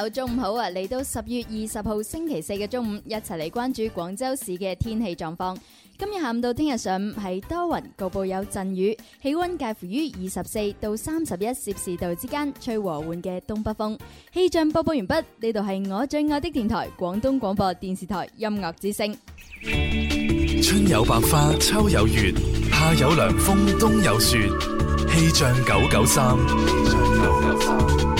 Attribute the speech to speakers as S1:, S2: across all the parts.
S1: 好，中午好啊！嚟到十月二十號星期四嘅中午，一齊嚟關注廣州市嘅天氣狀況。今日下午到聽日上午係多雲，局部有陣雨，氣溫介乎於二十四到三十一攝氏度之間，吹和緩嘅東北風。氣象播報完畢，呢度係我最愛的電台——廣東廣播電視台音樂之聲。
S2: 春有百花，秋有月，夏有涼風，冬有雪。氣象九九三。氣象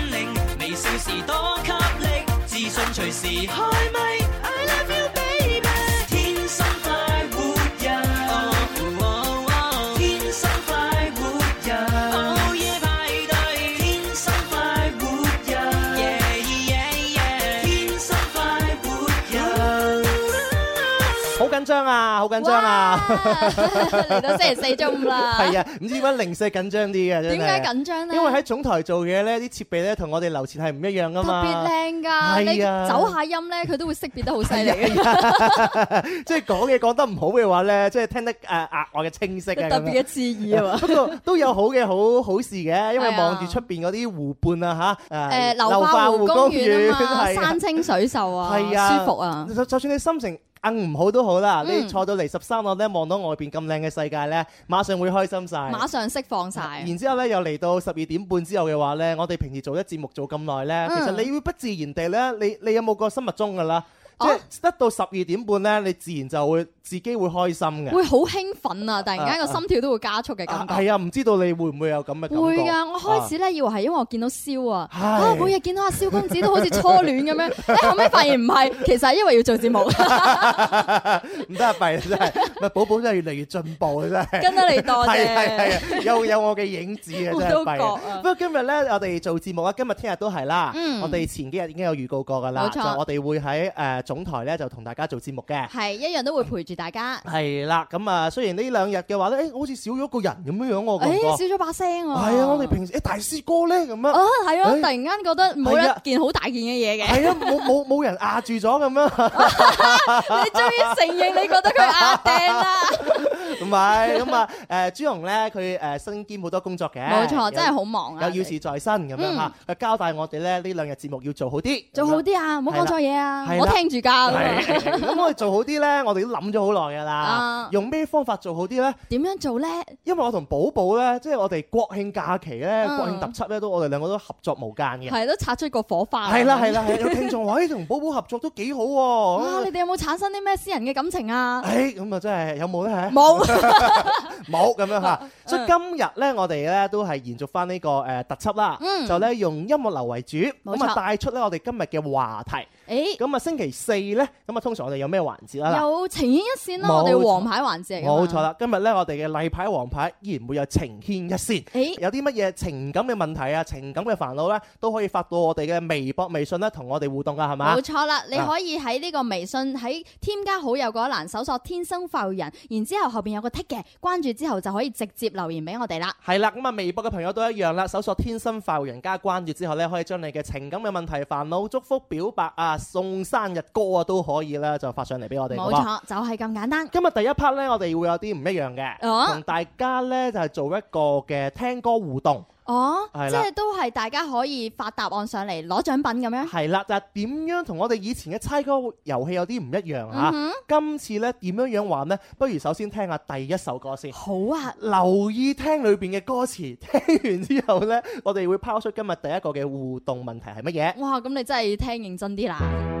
S3: 隨時開咪。
S4: 好緊張啊！嚟到
S5: 星期四中午啦，係啊，
S4: 唔知點解零舍緊張啲嘅，真係。點解緊張咧？因為喺總台做嘢咧，啲設備咧同我哋樓前係唔一樣噶嘛。特別靚
S1: 噶，你走下音咧，佢都會識別得好犀利啊！
S4: 即係講嘢講得唔好嘅話咧，即係聽得誒額外嘅清晰嘅，特別嘅刺耳啊！不過都有好嘅好好事嘅，因為望住出邊嗰啲湖畔啊，吓誒，流花湖公園啊，山
S1: 清水秀啊，舒服
S4: 啊！就就算你心情。嗯，唔好都好啦，嗯、你坐到嚟十三樓咧，望到外邊咁靚嘅世界咧，馬上會開心晒，馬
S1: 上釋放晒。然
S4: 之後咧，又嚟到十二點半之後嘅話咧，我哋平時做啲節目做咁耐咧，嗯、其實你會不自然地咧，你你有冇個生物鐘噶啦？即係得到十二點半咧，你自然就會自己會開心嘅，會好
S1: 興奮啊！突然間個心跳都會加速嘅感覺。
S4: 係啊，唔知道你會唔會有咁嘅感覺？會噶，我開始
S1: 咧以為係因為我見到蕭啊，啊每日見到阿蕭公子都好似初戀咁樣，
S4: 後尾發現唔係，
S1: 其實係因為要做節目。
S4: 唔得啊，弊啦，咪寶寶真係越嚟越進步啊，真係跟得你多啫。係係係，又有我嘅影子啊，真係。我都覺啊。都不過今日咧，我哋做節目啊，今日聽日都係啦。我哋前幾日已經有預告過㗎啦。冇錯。就我哋會喺誒，總台咧就同大家做節目嘅，係
S1: 一樣都會陪住大家。
S4: 係啦，咁啊，雖然呢兩日嘅話咧，誒好似少咗個人咁樣樣喎，誒少咗把
S1: 聲喎。係啊，我哋
S4: 平時誒，大師哥咧咁啊，係啊，突然間覺得冇一件好大件嘅嘢嘅。係啊，冇冇冇人壓住咗咁樣。
S6: 你終於承認你覺得佢壓定啦？
S4: 唔係咁啊，誒朱紅咧，佢誒身兼好多工作嘅，冇錯，真係好忙啊，有要事在身咁樣吓，佢交代我哋咧呢兩日節目要做好啲，做好啲啊，唔好講錯嘢啊，我聽住。家啦，咁我哋做好啲咧，我哋都諗咗好耐噶啦。用咩方法做好啲咧？點樣做咧？因為我同寶寶咧，即係我哋國慶假期咧，國慶特輯咧，都我哋兩個都合作無間嘅，係
S1: 都擦出一個火花。係啦係啦，有聽眾
S4: 話，同寶寶合作都幾好。哇！你
S1: 哋有冇產生啲咩私人嘅感情啊？
S4: 誒，咁啊，真係有冇咧？吓，冇冇咁樣吓。所以今日咧，我哋咧都係延續翻呢個誒特輯啦，就咧用音樂流為主，咁啊帶出咧我哋今日嘅話題。誒，咁啊、欸、星期四呢？咁啊通常我哋有咩環,、啊、錯環節啊？有
S1: 情牽一線啦，我哋黃牌環節嘅。冇錯啦，
S4: 今日呢，我哋嘅例牌黃牌依然會有情牽一線。誒、欸，有啲乜嘢情感嘅問題啊，情感嘅煩惱呢，都可以發到我哋嘅微博、微信咧，同我哋互動噶係嘛？冇錯啦，你可
S1: 以喺呢個微信喺添加好友嗰一欄搜索天生快活人，然後之後後邊有個 tick 嘅，關注之後就可以直接留言俾我哋啦。
S4: 係啦，咁啊微,微博嘅朋友都一樣啦，搜索天生快活人加關注之後呢，可以將你嘅情感嘅問題、煩惱、祝福、表白啊。送生日歌啊都可以啦，就發上嚟俾我哋。冇錯，就係咁簡單。今日第一 part 咧，我哋會有啲唔一樣嘅，同 uh huh. 大家呢就係做一個嘅聽歌互動。
S1: 哦，即係都係大家可以發答案上嚟，攞獎品咁樣。
S4: 係啦，就點樣同我哋以前嘅猜歌遊戲有啲唔一樣啊？嗯、哼今次呢點樣樣玩呢？不如首先聽下第一首歌先。好啊，留意聽裏邊嘅歌詞，聽完之後呢，我哋會拋出今日第一個嘅互動問題係乜嘢？
S1: 哇，咁你真係聽認真啲啦。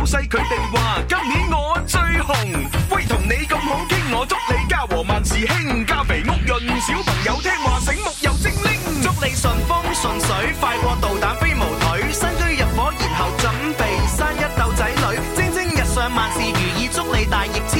S7: 老細佢哋話今年我最紅，喂同你咁好傾，我祝你家和萬事興，家肥屋潤，小朋友聽話醒目又精靈，祝你順風順水，快過導彈飛毛腿，新
S8: 居入伙，然後準備生一竇仔女，蒸蒸日上，萬事如意，祝你大
S4: 業。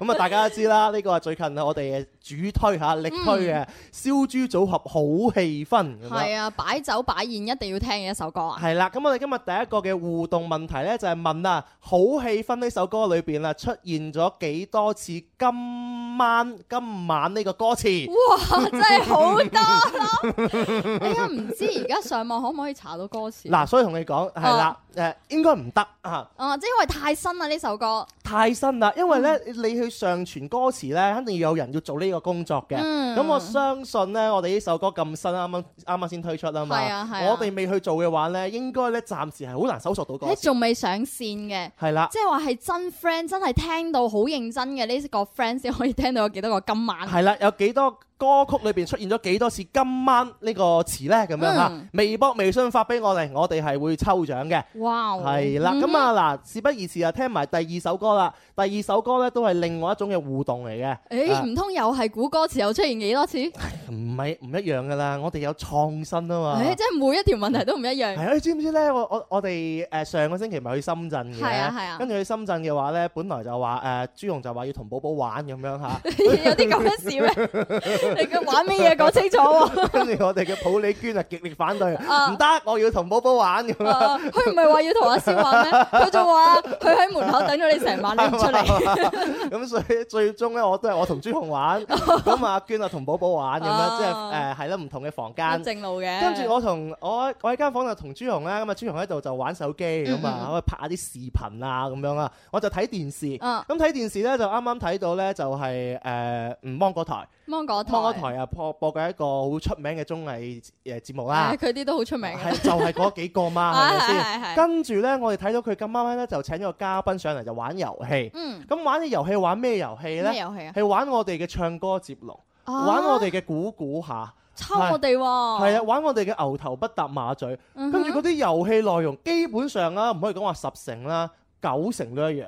S4: 咁啊， 大家都知啦，呢個係最近我哋主推吓力推嘅《燒豬、嗯、組合》好氣氛。係
S1: 啊，擺酒擺宴一定要聽嘅一首歌啊！
S4: 係啦、啊，咁我哋今日第一個嘅互動問題咧，就係問啊，《好氣氛》呢首歌裏邊啊出現咗幾多次？今晚、今晚呢個歌詞？哇，真係好多！你呀、 欸，唔知而
S1: 家上網可唔可以查到歌詞嗱、啊，所以
S4: 同你講係啦，誒應該唔得啊。哦、啊
S1: 啊啊，即係因為太新啦呢首歌。
S4: 太新啦，因為咧你去。嗯上傳歌詞呢，肯定要有人要做呢個工作嘅。咁、嗯、我相信呢，我哋呢首歌咁新，啱啱啱啱先推出啊嘛。啊啊我哋未去做嘅話呢，應該呢暫時係好難搜索到歌詞。仲
S1: 未上線嘅，係啦、啊，即係話係真 friend，真係聽到好認真嘅呢、呢個 friend 先可以聽到有幾多個今晚。係啦、
S4: 啊，有幾多？歌曲裏邊出現咗幾多次今晚呢個詞呢？咁樣吓，嗯、微博、微信發俾我哋，我哋係會抽獎嘅。
S5: 哇，係啦的，咁、嗯、
S4: 啊嗱，事不宜遲啊，聽埋第二首歌啦。第二首歌呢，都係另外一種嘅互動嚟嘅。誒、欸，唔
S1: 通、啊、又係估歌詞又出現幾多次？
S4: 唔係唔一樣噶啦，我哋有創新啊嘛。誒、欸，
S1: 即係每一條問題都唔一樣。係啊，你
S4: 知唔知呢？我我我哋誒上個星期咪去深圳嘅，係啊係啊。跟住去深圳嘅話呢，本來就話誒、呃、朱紅就話要同寶寶玩咁樣吓， 有啲
S5: 咁嘅事咩？
S1: 你嘅玩咩嘢講清楚，
S4: 跟住我哋嘅普李娟啊，極力反對，唔得，我要同寶寶玩咁啊！佢唔係話要同阿詩玩咩？佢就話佢喺門口等咗你成晚，你唔出嚟。咁所以最終咧，我都係我同朱紅玩，咁啊，阿娟啊，同寶寶玩咁樣，即係誒，係咯，唔同嘅房間正路嘅。跟住我同我我喺間房度同朱紅啦，咁啊，朱紅喺度就玩手機咁啊，可以拍下啲視頻啊，咁樣啊，我就睇電視。咁睇電視咧，就啱啱睇到咧，就係誒，芒果台。
S1: 芒果台
S4: 啊，破播嘅一個好出名嘅綜藝誒節目啦、啊。係，佢
S1: 啲都好出名。
S4: 係、啊，就係、是、嗰幾個嘛，係咪先？啊啊啊啊、跟住呢，我哋睇到佢咁啱啱咧就請咗個嘉賓上嚟，就玩遊戲。嗯。咁玩嘅遊戲玩咩遊戲呢？咩遊戲啊？係玩我哋嘅唱歌接龍，啊、玩我哋嘅估估下，抽我哋喎。係啊，玩我哋嘅牛頭不搭馬嘴，嗯、哼跟住嗰啲遊戲內容基本上啦，唔可以講話十成啦，九成都一樣。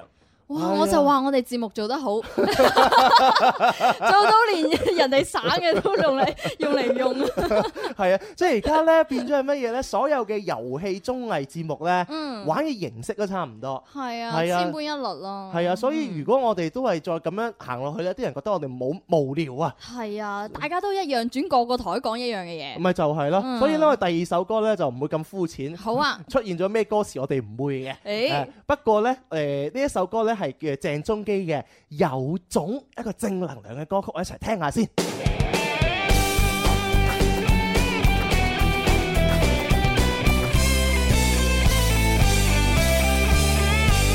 S4: 哇！我就話
S1: 我哋節目做得好，做到連人哋省嘅都用嚟，用嚟用。
S4: 係啊，即係而家咧變咗係乜嘢咧？所有嘅遊戲綜藝節目咧，玩嘅形式都差唔多。係啊，千篇
S1: 一律咯。係啊，所以如
S4: 果我哋都係再咁樣行落去咧，啲人覺得我哋冇，無聊啊。
S1: 係啊，大家都一樣，轉個個台講一樣嘅嘢。
S4: 咪就係咯，所以咧，我哋第二首歌咧就唔會咁膚淺。好啊，出現咗咩歌詞我哋唔會嘅。誒，不過咧，誒呢一首歌咧。係嘅，鄭中基嘅《有種》一個正能量嘅歌曲，我一齊聽下先。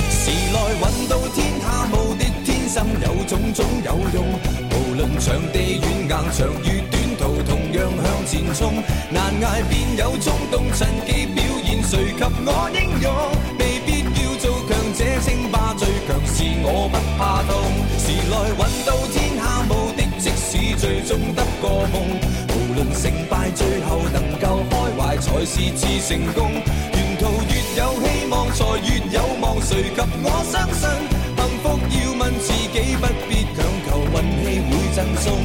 S9: 時來運到天下無敵，天生有種種有用。無論場地軟硬長與短途，同樣向前衝。難捱便有衝動，趁機表現，誰及我英勇？稱霸最強是我不怕痛，時來運到天下無敵，即使最終得個夢。無論成敗，最後能夠開懷才是次成功。沿途越有希望，才越有望，誰及我相信？幸福要問自己，不必強求，運氣會贈送。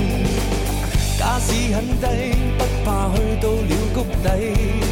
S9: 假使很低，不怕去到了谷底。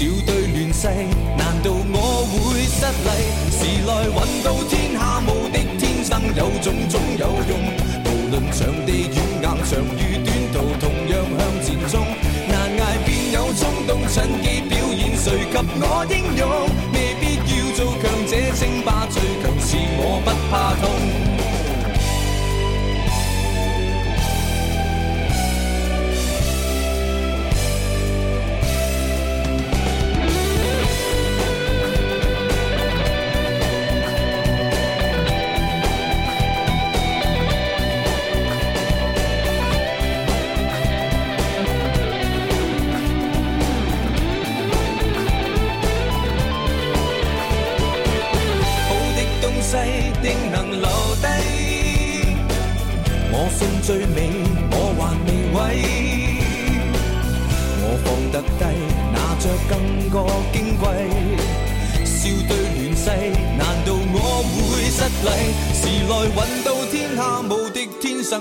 S9: 笑對亂世，難道我會失禮？時來運到天下無敵，天生有種種有用。無論場地遠硬、長與短途，同樣向前衝。難挨便有衝動，趁機表演，誰及我英勇？未必要做強者稱霸，最強是我不怕痛。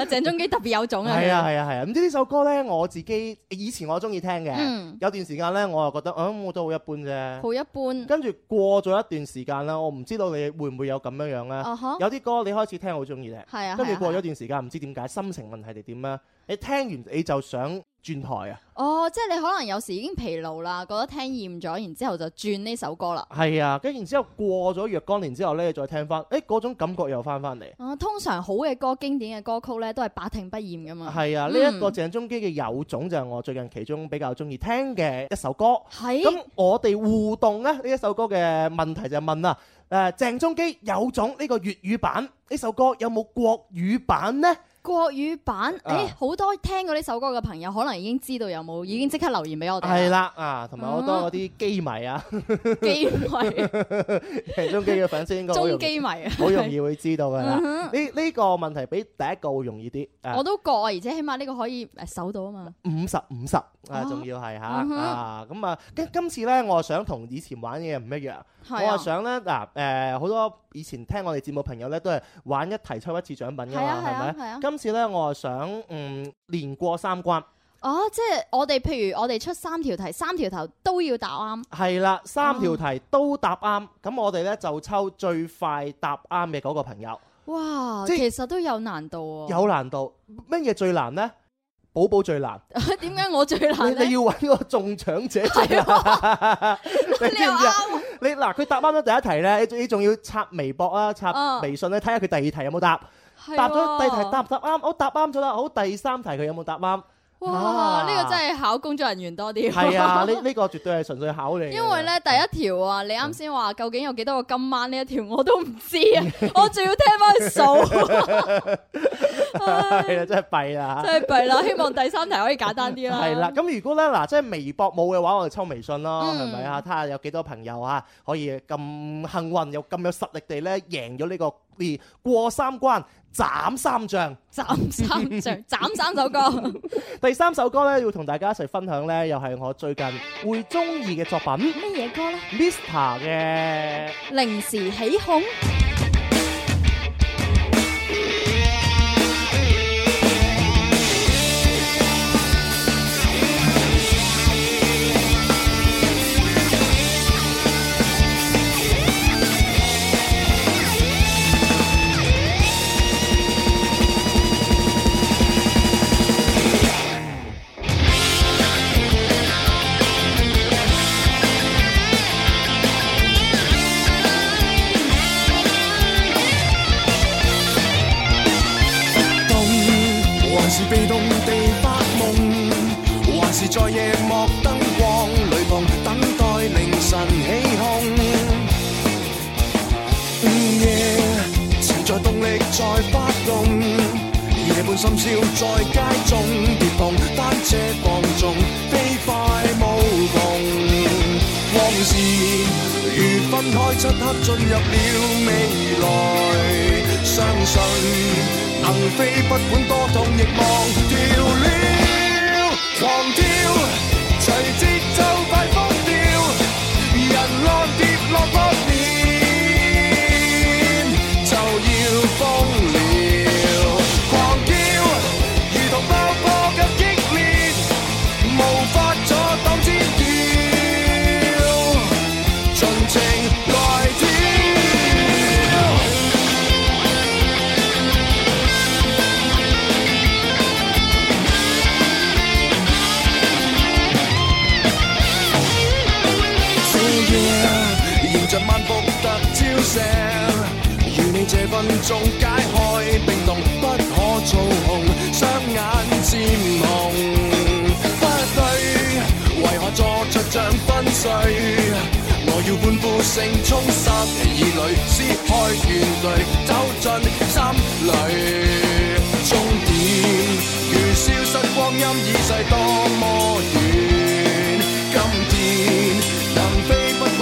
S4: 鄭 中基特別有種啊！係啊係啊係啊！唔、啊啊、知呢首歌呢，我自己以前我中意聽嘅，嗯、有段時間呢，我又覺得，嗯，我都好一般啫，好一般。跟住過咗一段時間啦，我唔知道你會唔會有咁樣樣呢。Uh huh? 有啲歌你開始聽好中意聽，跟住、啊啊、過咗段時間，唔、啊啊、知點解心情問題定點咧？你聽完你就想轉台啊？
S1: 哦，即係你可能有時已經疲勞啦，覺得聽厭咗，然之後就轉呢首歌啦。
S4: 係啊，跟然之後過咗若干年之後咧，你再聽翻，誒嗰種感覺又翻翻嚟。
S1: 啊，通常好嘅歌、經典嘅歌曲呢，都係百聽不厭噶嘛。係啊，呢一個
S4: 鄭中基嘅《有種》就係我最近其中比較中意聽嘅一首歌。係。咁我哋互動呢，呢一首歌嘅問題就問啊，誒鄭中基《有種》呢個粵語版呢首歌有冇國語版呢？國語版，誒，好
S1: 多聽過呢首歌嘅朋友，可能已經知道有冇，已經即刻留言俾我哋係啦
S4: 啊，同埋好多嗰啲機迷啊，機迷其中機嘅粉絲應該好容易會知道噶啦。呢呢個問題比第一個會容易啲，我都
S1: 覺，而且起碼呢個可以誒搜到啊嘛，
S4: 五十五十啊，仲要係吓啊咁啊。今今次咧，我想同以前玩嘢唔一樣。我話想咧，嗱、呃，誒，好多以前聽我哋節目朋友咧，都係玩一題抽一次獎品嘅嘛，係咪、啊？今次咧，我話想嗯，連過三關。哦，
S1: 即係我哋，譬如我哋出三條題，三條頭都要答啱。
S4: 係啦，三條題都答啱，咁、哦、我哋咧就抽最快答啱嘅嗰個朋友。
S1: 哇，即其實都有難度啊！有
S4: 難度，乜嘢最難咧？寶寶最難。
S1: 點解 我最難 你？你要
S4: 揾個中獎者。 你知唔道知 你嗱，佢答啱咗第一題咧，你你仲要刷微博啊，刷微信咧，睇下佢第二題有冇答。
S5: 啊、答咗第二題答
S4: 唔答啱？我答啱咗啦，好，第三題佢有冇答啱？哇！呢、啊、個真係
S1: 考工作人員多啲。係啊，呢
S4: 呢、啊、 個絕對係純粹考你。因為
S1: 呢第一條啊，你啱先話究竟有幾多個今晚呢一條我都唔知啊， 我仲要聽翻去數。
S4: 係啊，真係弊啦，真係弊啦！
S1: 希望第三題可以簡單啲啦、啊。係啦、啊，
S4: 咁如果呢，嗱，即係微博冇嘅話，我哋抽微信咯，係咪啊？睇下有幾多朋友啊，可以咁幸運又咁有，有實力地呢贏咗呢、這個。過三關，斬三將，
S1: 斬三將，斬三首歌。
S4: 第三首歌呢，要同大家一齊分享呢，又係我最近會中意嘅作品。咩嘢歌呢？Mr. 嘅《
S1: 零時起哄》。
S8: 深宵在街中跌碰，單車放縱飛快無窮。往事如分開，漆黑進入了未來。相信能飛，不管多痛亦忘掉了。狂跳，隨節奏。萬伏特照射，與你這分鐘解開冰凍，不可操控，雙眼漸紅。 不對，為何坐著像昏睡？我要歡呼聲衝十二裏，撕開倦怠，走進心裏。終點如消失，光陰已逝，多麼遠。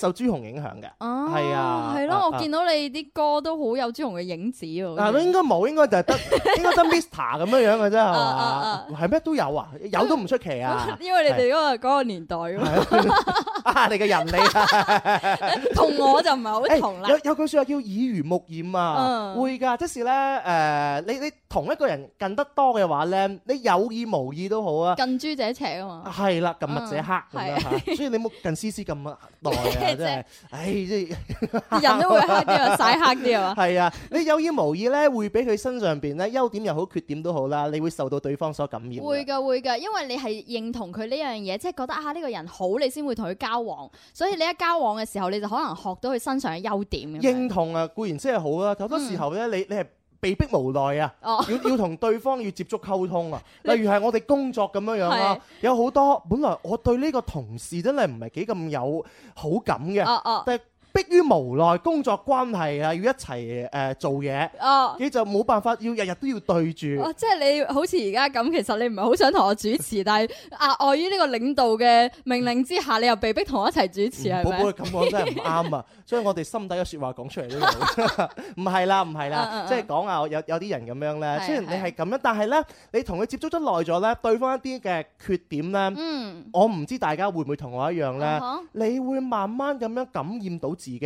S4: 受朱紅影響嘅，係啊，係咯，我見到
S1: 你啲歌都好有朱紅嘅影子啊。但，
S4: 應該冇，應該就係得，應該得 Mr. 咁樣樣嘅啫，係嘛？係咩都有啊？有都唔出奇啊！因為你哋
S1: 嗰個個年代啊，
S4: 你嘅人味，同我就
S5: 唔係好同啦。有
S4: 有句說話叫耳濡目染啊，會噶，即是咧，誒，你你。同一個人近得多嘅話咧，你有意無意都好啊。近
S1: 朱者赤啊嘛。係、啊、
S4: 啦，近墨者黑咁樣、嗯啊、 所以你冇近絲絲咁耐啊，真係。唉，
S5: 即係人都會黑啲啊，晒 黑啲啊。
S4: 係啊，你有意無意咧，會俾佢身上邊咧優點又好，缺點都好啦，你會受到對方所感染嘅。會
S5: 嘅，
S1: 會嘅，因為你係認同佢呢樣嘢，即係覺得啊呢、呢個人好，你先會同佢交往。所以你一交往嘅時候，你就可能學到佢身上嘅優點。認
S4: 同啊，固然即係好啦，好多時候咧，你你係。被逼無奈啊！要要同對方要接觸溝通啊！例如係我哋工作咁樣樣、啊、啦，是有好多本來我對呢個同事真係唔係幾咁有好感嘅。哦哦迫於無奈工作關係啊，要一齊誒做嘢，呃哦、你就冇辦法要日日都要對住、
S1: 哦。即係你好似而家咁，其實你唔係好想同我主持， 但係礙於呢個領導嘅命令之下，你又被逼同我一齊主持係咪？嗯、嗎寶寶嘅感覺真係唔啱
S4: 啊！ 所以我哋心底嘅説話講出嚟都好。唔係 啦，唔係啦， 即係講啊，有有啲人咁樣咧。雖然你係咁樣，但係咧，你同佢接觸得耐咗咧，對方一啲嘅缺點咧，嗯、我唔知大家會唔會同我一樣咧。 你會慢慢咁樣感染到。自己嘅，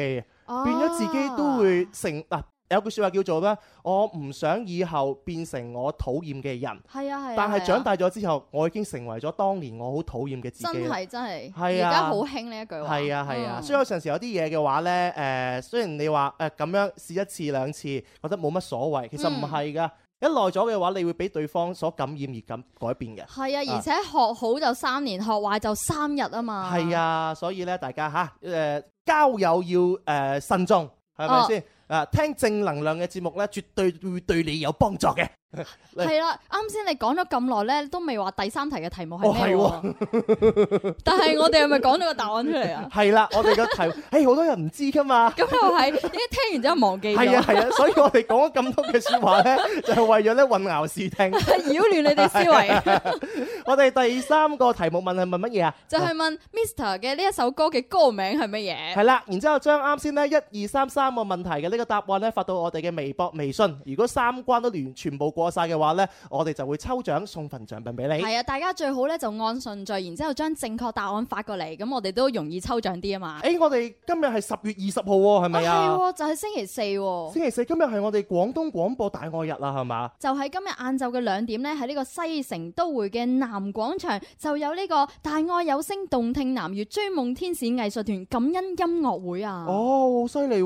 S4: 變咗自己都會成嗱、啊啊、有句説話叫做咩？我唔想以後變成我討厭嘅人。係啊係、啊、但係長大咗之後，啊、我已經成為咗當年我好討厭嘅自己真，真係、啊、
S1: 真係，而家好興呢一句話。係啊係啊。啊嗯、所
S4: 以有陣時有啲嘢嘅話呢，誒雖然你話誒咁樣試一次兩次，覺得冇乜所謂，其實唔係噶。一耐咗嘅話，你會俾對方所感染而咁改變嘅。係
S1: 啊，而且學好就三年，學壞就三日啊嘛。係
S4: 啊，所以呢，大家吓。誒。呃交友要、呃、慎重，係咪先？哦、啊，聽正能量嘅節目咧，絕對會對你有幫助嘅。係啦，
S1: 啱先、嗯、了你講咗咁耐咧，都未話第三題嘅題目係咩？哦、 但係我哋係咪講咗個答案出嚟
S4: 啊？係啦，我哋個題目，誒、 欸，好多人唔知噶嘛。咁又
S1: 係，一聽完之後忘記。係啊係啊，
S4: 所以我哋講咗咁多嘅說話咧， 就係為咗咧混淆視聽，擾亂 你哋思維。 我哋第三個題目問係問乜嘢啊？
S1: 就係問 Mr 嘅呢一首歌嘅歌名係乜嘢？係啦、啊，
S4: 然之後將啱先咧一二三三個問題嘅呢個答案咧發到我哋嘅微博、微信。如果三關都連全部過，全部過。 過晒嘅話呢，我哋就會抽獎送份獎品俾你。係啊，
S1: 大家最好呢，就按順序，然之後將正確答案發過嚟，咁我哋都容易抽獎啲啊嘛。
S4: 誒、欸，我哋今日係十月二十號，係咪啊？係，
S1: 就係星期四啊。星
S4: 期四，今日係我哋廣東廣播大愛日啦，係嘛？
S1: 就喺今日晏晝嘅兩點呢，喺呢個西城都會嘅南廣場就有呢個大愛有聲動聽南粵追夢天使藝術團感恩音樂會啊！
S4: 哦，好犀利！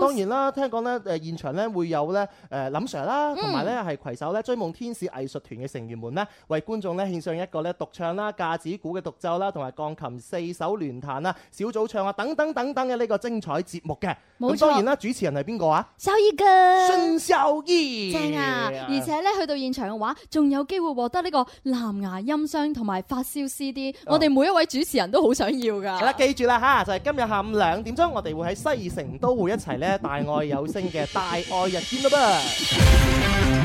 S4: 當然啦，聽講呢，誒、呃，現場咧會有呢，誒、呃呃，林 Sir 啦，同埋、嗯。咧係攜手咧追夢天使藝術團嘅成員們呢為觀眾咧獻上一個咧獨唱啦、架子鼓嘅獨奏啦，同埋鋼琴四手聯彈啦、小組唱啊等等等等嘅呢個精彩節目嘅。冇錯。咁當然啦，主持人係邊個啊？秀儀嘅。孫秀儀。正啊！而且
S1: 呢，去到現場嘅話，仲有機會獲得呢個藍牙音箱同埋發燒 CD，哦。我哋每一位主持人都好想要㗎。係、哦、記
S4: 住啦嚇，就係、是、今日下午兩點鐘，我哋會喺西城都會一齊呢大愛有聲嘅大愛日
S5: 見啦噃。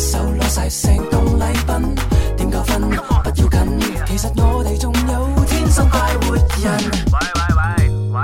S9: 手攞晒成棟禮品，點夠分？Come on. 不要緊，其實我哋仲有天生快活人。喂喂
S10: 喂喂，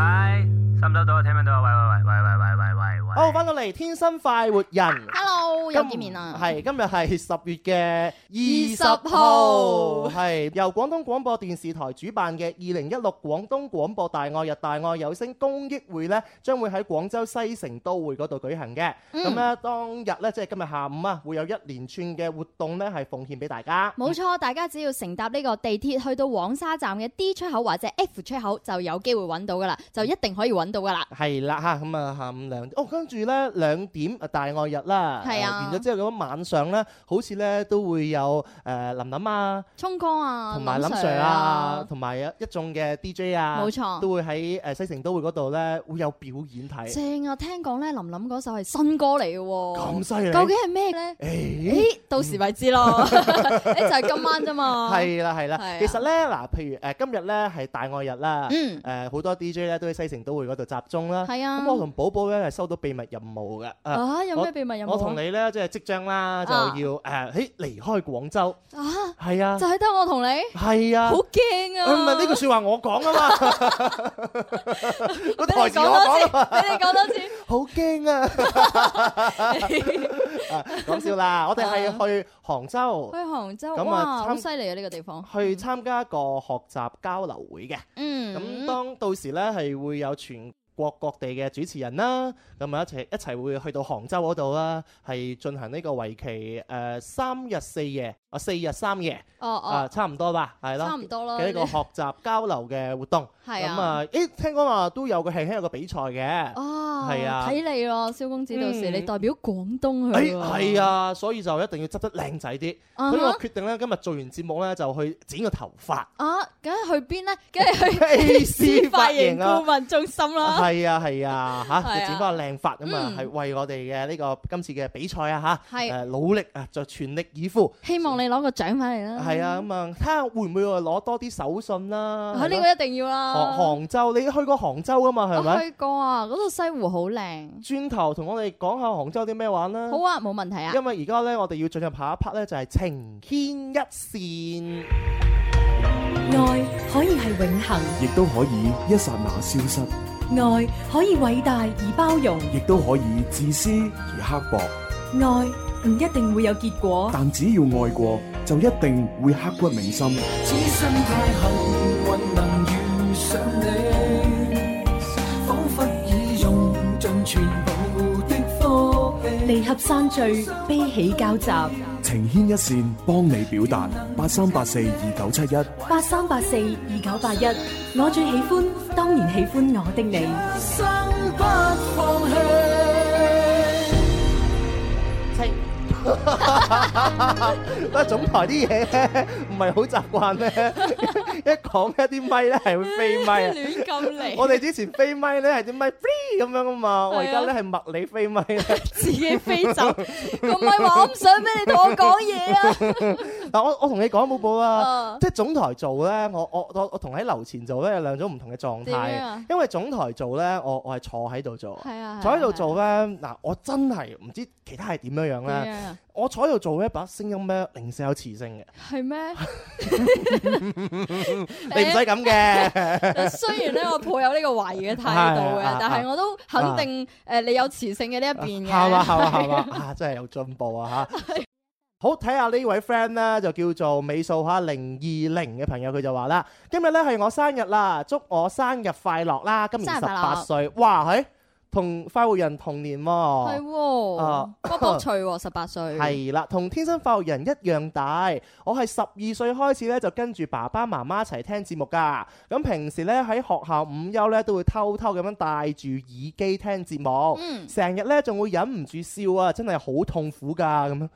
S10: 差唔多到我聽唔到啊？喂喂喂喂喂喂喂喂！好，翻、哦、到嚟，
S4: 天生快活人。 又見面啦，係今日係十月嘅二十號，係由廣東廣播電視台主辦嘅二零一六廣東廣播大愛日大愛有聲公益會咧，將會喺廣州西城都會嗰度舉行嘅。咁咧、嗯，當日咧即係今日下午啊，會有一連串嘅活動咧，係奉獻俾大家。冇錯
S1: 錯，嗯、大家只要乘搭呢個地鐵去到黃沙站嘅 D 出口或者 F 出口，就有機會揾到噶啦，就一定可以揾到噶啦。
S4: 係啦，吓咁啊，下午兩點哦，跟住呢兩點啊，大愛日啦。完咗之後咁晚上咧，好似咧都會有誒林林啊，
S1: 聰哥啊，同埋林 Sir 啊，
S4: 同埋一眾嘅 DJ 啊，冇錯，都會喺誒西城都會嗰度咧會有表演睇。正
S1: 啊！聽講咧林林嗰首係新歌嚟嘅，咁犀利，究竟係咩咧？
S4: 誒，到時咪知咯，就係今晚啫嘛。係啦係啦，其實咧嗱，譬如誒今日咧係大愛日啦，嗯，誒好多 DJ 咧都喺西城都會嗰度集中啦。係啊，咁我同寶寶咧係收到秘密任務嘅。啊，有咩秘密任務？我同你。咧即係即將啦，就要誒，喺離開廣州啊，係啊，就係得我同你，係啊，好驚啊！唔係呢句說話我講啊嘛，個台詞我講，你哋講多次，好驚啊！講笑啦，我哋係去杭州，去
S1: 杭州咁啊，好犀利啊！呢個地方去
S4: 參加個學習交流會嘅，嗯，咁當到時咧係會有全。.國各地嘅主持人啦，咁啊一齊一齊會去到杭州嗰度啦，係進行呢個為期誒、呃、三日四夜。啊四日三夜哦哦，差唔多吧，係咯，差唔多啦。嘅呢個學習交流嘅活動，咁啊，誒，聽講話都有個輕輕，有個比賽嘅哦，係啊，睇
S1: 你咯，蕭公子，到時你代表廣東去，係
S4: 啊，所以就一定要執得靚仔啲。所以我決定咧，今日做完節目咧，就去剪個頭髮。
S1: 啊，梗係去邊咧？梗係去 A C 髮型顧問中心啦。係
S4: 啊，係啊，吓，你剪翻個靚髮啊嘛，係為我哋嘅呢個今次嘅比賽啊吓，係努力啊，就全力以赴，希望。你攞個獎翻嚟啦！係啊，咁啊，睇下會唔會攞多啲手信啦！啊，呢個、啊、一
S1: 定要啦、啊啊！杭
S4: 州，你去過杭州㗎嘛，係咪？去
S1: 過啊，嗰、那、度、個、西湖好靚。
S4: 轉頭同我哋講下杭州啲咩玩啦。好啊，冇問題啊。因為而家咧，我哋要進入下一 part 咧，就係情牽一線。愛可以係永恒，亦都可以
S7: 一剎那消失。
S10: 愛可以偉大而包容，
S7: 亦都可以自私而刻薄。
S10: 愛。唔一定會有結果，
S7: 但只要愛過，就一定會刻骨銘心。
S10: 只太幸運，能遇上你。仿佛已用盡全部的離合山聚，悲喜交集，
S7: 情牽一線，幫你表達。八三八四二九七一，
S10: 八三八四二九八一，我最喜歡，當然喜歡我的你。
S4: 哈哈，但係總台啲嘢咧，唔係好習慣咧。 一講咧，啲咪咧係會飛咪，啊 忍大力！亂咁嚟。我哋之前飛咪咧係啲咪飛咁樣噶嘛，我而家咧係物理飛咪，
S5: 自己飛走。咁 咪我我話、啊 呃、我唔想俾你同我講嘢啊！
S4: 嗱，我我同你講冇補啦。即係總台做咧，我我我我同喺樓前做咧有兩種唔同嘅狀態。啊、因為總台做咧，我我係坐喺度做。係啊。啊啊坐喺度做咧，嗱，我真係唔知其他係點樣樣咧。我坐喺度做一把聲音咩？零四有磁性嘅，
S1: 係咩？
S5: 你唔使咁嘅。
S1: 雖然咧，我抱有呢個懷疑嘅態度嘅，但係我都肯定誒你有磁性嘅呢一邊嘅。係啊，係啊，係啊，啊
S4: 真係有進步啊嚇！好，睇下呢位 friend 咧，就叫做尾數嚇零二零嘅朋友，佢就話啦：今日咧係我生日啦，祝我生日快樂啦！今年十八歲，哇係！同快活人同年喎，哦，係
S1: 喎，哦，不過脆十八歲，係
S4: 啦， 同天生快活人一樣大。我係十二歲開始咧，就跟住爸爸媽媽一齊聽節目噶。咁平時咧喺學校午休咧，都會偷偷咁樣戴住耳機聽節目，成日咧仲會忍唔住笑啊！真係好痛苦噶咁樣。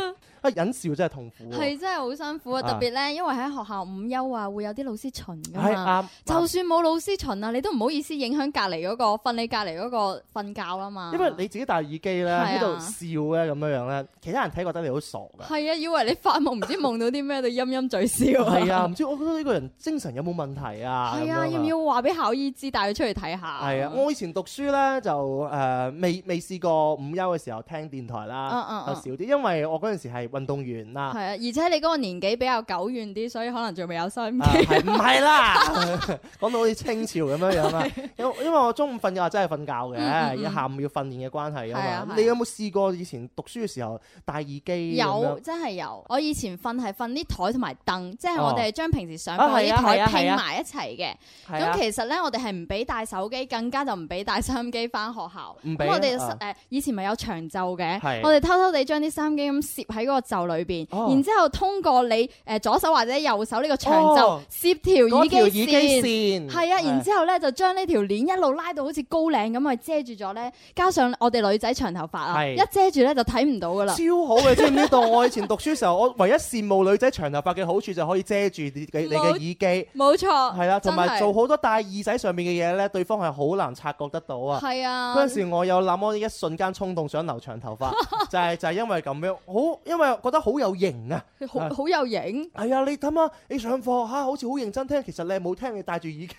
S4: 啊！忍笑真係痛苦、啊，係
S1: 真係好辛苦啊！啊特別咧，因為喺學校午休啊，會有啲老師巡
S4: 㗎嘛。係、啊、
S1: 就算冇老師巡啊，你都唔好意思影響隔離嗰、嗰個瞓，你隔離嗰個瞓覺啊嘛。因為
S4: 你自己戴耳機咧，喺度是、啊、笑咧咁樣樣咧，其他人睇覺得你好傻㗎。係
S1: 啊，以為你發夢唔知夢到啲咩，你 陰陰嘴笑。係啊，唔
S4: 知我覺得呢個人精神有冇問題啊？係啊，這樣 要唔
S1: 要話俾校醫知，帶佢出去睇下？係啊，我以
S4: 前讀書咧就誒、呃、未未試過午休嘅時候聽電台啦，就少啲，因為我嗰陣時係。運動員啦，係
S1: 啊，而且你嗰個年紀比較久遠啲，所以可能仲未有收音機。
S4: 唔係啦？講到好似清朝咁樣樣啊！因因為我中午瞓嘅話真係瞓覺嘅，下午要訓練嘅關係啊嘛。你有冇試過以前讀書嘅時候戴耳機？有，
S1: 真係有。我以前瞓係瞓啲台同埋凳，即係我哋係將平時上課啲台拼埋一齊嘅。咁其實咧，我哋係唔俾帶手機，更加就唔俾帶收音機翻學校。
S5: 唔俾。咁我哋
S1: 誒以前咪有長袖嘅，我哋偷偷地將啲收音機咁攝喺嗰個，袖裏邊，然之後通過你誒左手或者右手呢個長袖攝條耳機線，係啊，然之後咧就將呢條鏈一路拉到好似高領咁去遮住咗咧，加上我哋女仔長頭髮啊，一遮住咧就睇唔到噶啦，超好
S4: 嘅，即係呢度，我以前讀書嘅時候，我唯一羨慕女仔長頭髮嘅好處就可以遮住你嘅耳機，
S1: 冇錯，
S5: 係啦，同埋做好
S4: 多戴耳仔上面嘅嘢咧，對方係好難察覺得到啊。係啊，嗰陣時我有那麼一瞬間衝動想留長頭髮，就係就係因為咁樣，好因為。覺得好有型啊，好好有型。係啊、哎，你睇下，你上課吓好似好認真聽，其實你冇聽，你戴住耳機。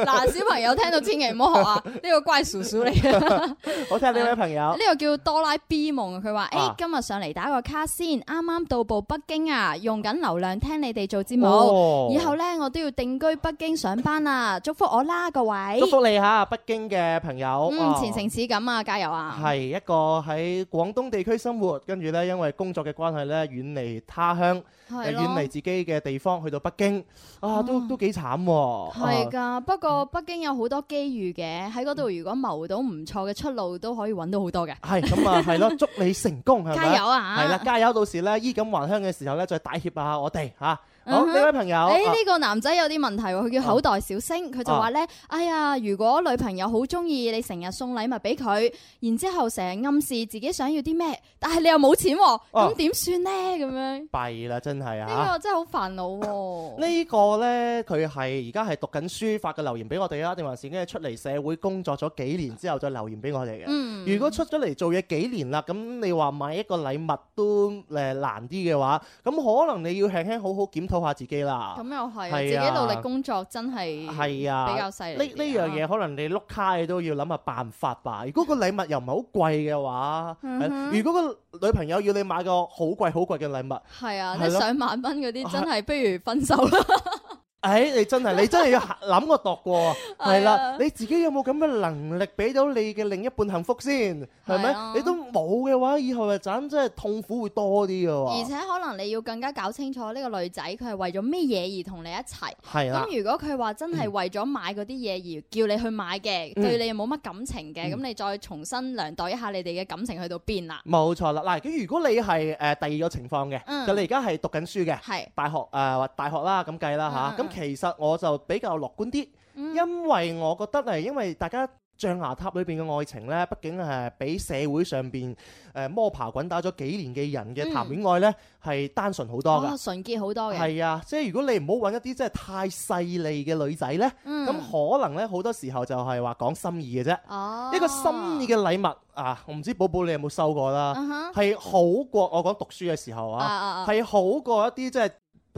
S4: 嗱， 小朋友聽到千祈唔好學
S1: 啊，呢 個乖叔叔嚟嘅。
S4: 我聽呢位朋友，呢、啊
S1: 這個叫哆啦 B 夢，佢話：誒、啊哎，今日上嚟打個卡先，啱啱到步北京啊，用緊流量聽你哋做節目。哦、以後呢，我都要定居北京上班啦，祝福我啦，各位。祝福你
S4: 吓、啊，北京嘅朋友。哦、嗯，前程
S1: 似錦啊，加油啊！係
S4: 一個喺廣東地區生活，跟住呢，因為工作嘅關係。係咧，遠離他鄉，遠離自己嘅地方，去到北京啊，都啊都，都幾慘，啊。係噶，啊，
S1: 不過北京有好多機遇嘅，喺嗰度如果謀到唔錯嘅出路，都可以搵到好多嘅。係
S4: 咁啊，係咯，祝你成功，係咪？加油啊！係啦，加油！到時呢，衣錦還鄉嘅時候呢，再打協下我哋吓。啊呢、uh huh, 位朋友，誒、哎，呢、哎、個
S1: 男仔有啲問題，佢、啊、叫口袋小星，佢、啊、就話呢：「哎呀，如果女朋友好中意你，成日送禮物俾佢，然之後成日暗示自己想要啲咩，但係你又冇錢，咁點算呢？咁樣、
S4: 啊，弊啦，真係啊，呢個真
S1: 係好煩惱、啊。
S4: 呢、 這個呢，佢係而家係讀緊書發嘅留言俾我哋啦，定還是咩出嚟社會工作咗幾年之後再留言俾我哋嘅？嗯、如果出咗嚟做嘢幾年啦，咁你話買一個禮物都誒難啲嘅話，咁可能你要輕輕好好檢討。偷下自己啦、啊，咁
S1: 又係自己努力工作，真係係
S4: 啊比較細呢，呢樣嘢可能你碌卡你都要諗下辦法吧。如果個禮物又唔係好貴嘅話、嗯哼啊，如果個女朋友要你買個好貴好貴嘅禮物，
S1: 係啊，啊啊你上萬蚊嗰啲真係不如分手啦。
S4: 誒，你真係你真係要諗過度過喎，係啦，你自己有冇咁嘅能力俾到你嘅另一半幸福先？係咪？你都冇嘅話，以後就真係痛苦會多啲嘅喎。而
S1: 且可能你要更加搞清楚呢個女仔佢係為咗咩嘢而同你一齊。係啦。咁如果佢話真係為咗買嗰啲嘢而叫你去買嘅，對你又冇乜感情嘅，咁你再重新量度一下你哋嘅感情去到邊啦。
S4: 冇錯啦。嗱，咁如果你係誒第二個情況嘅，就你而家係讀緊書嘅，係大學誒或大學啦咁計啦嚇，咁。其實我就比較樂觀啲，嗯、因為我覺得係因為大家象牙塔裏邊嘅愛情呢，畢竟係比社會上邊誒、呃、摸爬滾打咗幾年嘅人嘅談戀愛呢，係、嗯、單純好多嘅、哦，純
S1: 潔好多嘅。係啊，
S4: 即係如果你唔好揾一啲即係太細膩嘅女仔呢，咁、嗯、可能呢好多時候就係話講心意嘅啫。哦，一個心意嘅禮物啊，我唔知寶寶你有冇收過啦，係、嗯、哼好過我講讀書嘅時候啊，係好過一啲即係。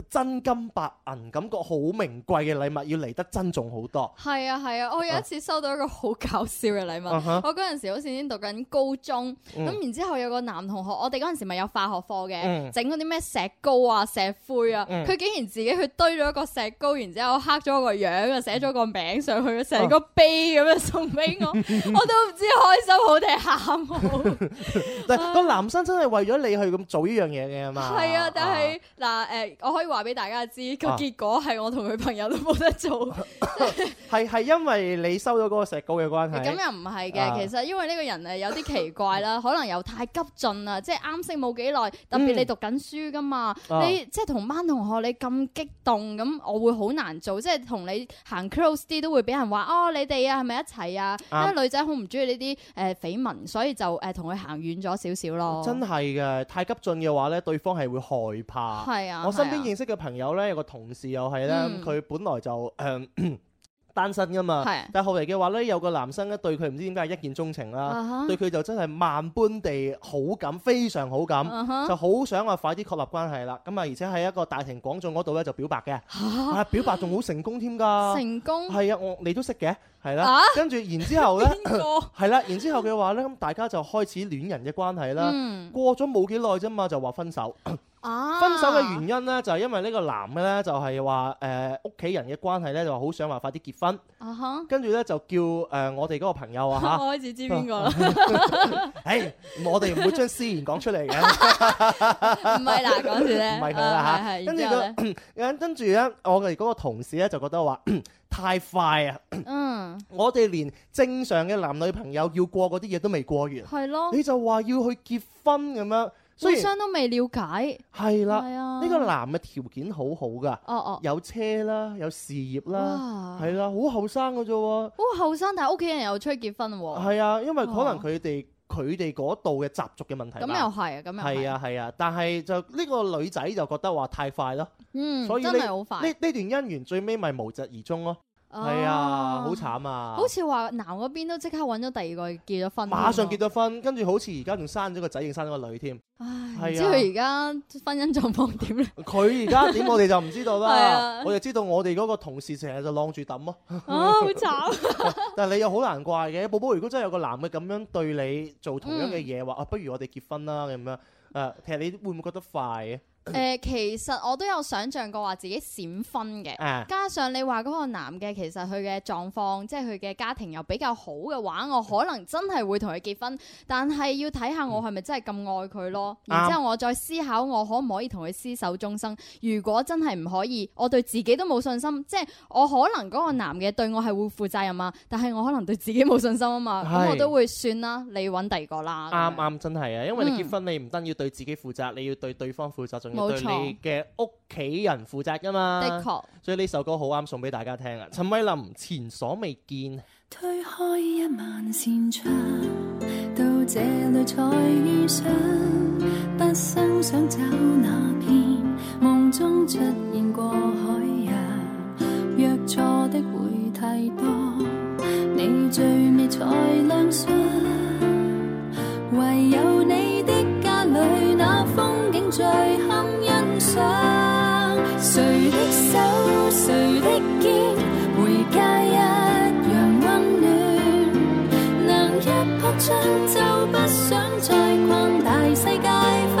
S4: 真金白銀感覺好名貴嘅禮物，要嚟得珍重好多，啊。
S1: 係啊係啊，我有一次收到一個好搞笑嘅禮物。Uh huh. 我嗰陣時好似已經讀緊高中，咁、嗯、然後之後有個男同學，我哋嗰陣時咪有化學課嘅，整嗰啲咩石膏啊、石灰啊，佢、嗯、竟然自己去堆咗一個石膏，然之後刻咗個樣，啊，寫咗個名上去，成個碑咁樣送俾我，uh huh. 我都唔知開心好定係喊好。
S4: 但係個男生真係為咗你去咁做呢樣嘢嘅嘛？
S1: 係啊，但係嗱，誒、呃，我可以話俾大家知個、啊、結果係我同佢朋友都冇得做，
S4: 係係因為你收咗嗰個石膏嘅關係。咁又唔係嘅，其實
S1: 因為呢個人誒有啲奇怪啦，啊、可能又太急進啊，即係啱識冇幾耐，特別你讀緊書噶嘛，嗯、你,、啊、你即係同班同學你咁激動咁，我會好難做，即係同你行 close 啲都會俾人話哦，你哋啊係咪一齊啊？係係啊啊因為女仔好唔中意呢啲誒緋聞，所以就誒同佢行遠咗少少咯。真
S4: 係嘅，太急進嘅話咧，對方係會害怕。係係啊，係啊、我身邊認識。呢個朋友呢，有個同事又係呢。佢、嗯、本來就誒、呃、單身噶嘛，啊、但後嚟嘅話呢，有個男生呢對佢唔知點解一見鍾情啦、啊，啊、哈對佢就真係萬般地好感，非常好感，啊、哈就好想話快啲確立關係啦。咁啊，而且喺一個大庭廣眾嗰度呢，就表白嘅，啊、啊表白仲好成功添㗎，成功係啊，我你都識嘅，係啦、啊，啊、跟住然之後呢，係啦誰、 啊，然之後嘅話呢，大家就開始戀人嘅關係啦，過咗冇幾耐啫嘛，就話分手。
S5: 分手嘅原
S4: 因呢，就係因為呢個男嘅呢，就係話誒屋企人嘅關係呢，就話好想話快啲結婚。跟住呢，就叫誒我哋嗰個朋友啊吓，我開始知邊個啦。我哋唔會將私言講出嚟嘅。唔係啦，講住咧，唔係佢。跟住呢，我哋嗰個同事呢，就覺得話太快啊。我哋連正常嘅男女朋友要過嗰啲嘢都未過完，係咯，你就話要去結婚咁樣。互相
S1: 都未了解，係啦，呢、啊、呢個男
S4: 嘅條件好好噶，哦哦、啊啊，有車啦，有事業啦，哇，係啦，好後生嘅啫喎。
S1: 哇，後生但係屋企人又催結婚喎、啊。
S4: 係啊，因為可能佢哋佢哋嗰度嘅習俗嘅問題，咁又係啊，
S1: 咁又係啊，
S4: 係啊，啊。但係就呢、呢個女仔就覺得話太快咯，
S1: 嗯，所以真係好快。呢
S4: 呢段姻緣最尾咪無疾而終咯、啊。係啊，好慘啊！好似
S1: 話、啊、男嗰邊都即刻揾咗第二個結咗婚，馬上結
S4: 咗婚，跟住好似而家仲生咗個仔，仲生咗個女添。
S1: 係唉啊，即係而家婚姻狀況點
S4: 咧？佢而家點我哋就唔知道啦。 啊、我就知道我哋嗰個同事成日就晾住揼咯。啊，好慘、 啊！ 但係你又好難怪嘅，寶寶，如果真係有個男嘅咁樣對你做同樣嘅嘢，話、嗯、啊不如我哋結婚啦咁樣。誒、啊，其實你會唔會覺得快？
S1: 誒、呃，其實我都有想象過話自己閃婚嘅，啊、加上你話嗰個男嘅其實佢嘅狀況，即係佢嘅家庭又比較好嘅話，我可能真係會同佢結婚，但係要睇下我係咪真係咁愛佢咯。嗯、然之後我再思考我可唔可以同佢厮守終生。嗯、如果真係唔可以，我對自己都冇信心，即係我可能嗰個男嘅對我係會負責任啊，但係我可能對自己冇信心啊嘛，咁、哎、我都會算啦，你揾第二個啦。
S4: 啱啱真係啊，因為你結婚你唔單要對自己負責，你要對對方負責。冇錯，對你嘅屋企人負責㗎嘛，的確。所以呢首歌好啱送俾大家聽啊！陳慧琳《前所未見》，
S6: 推開一萬扇窗，到這裏才遇上，不心想找那片夢中出現過海洋。若錯的會太多，你最美才倆雙，唯有你的。那風景最堪欣賞，誰的手，誰的肩，回家一樣溫暖。能一泊足，就不想再逛大世界。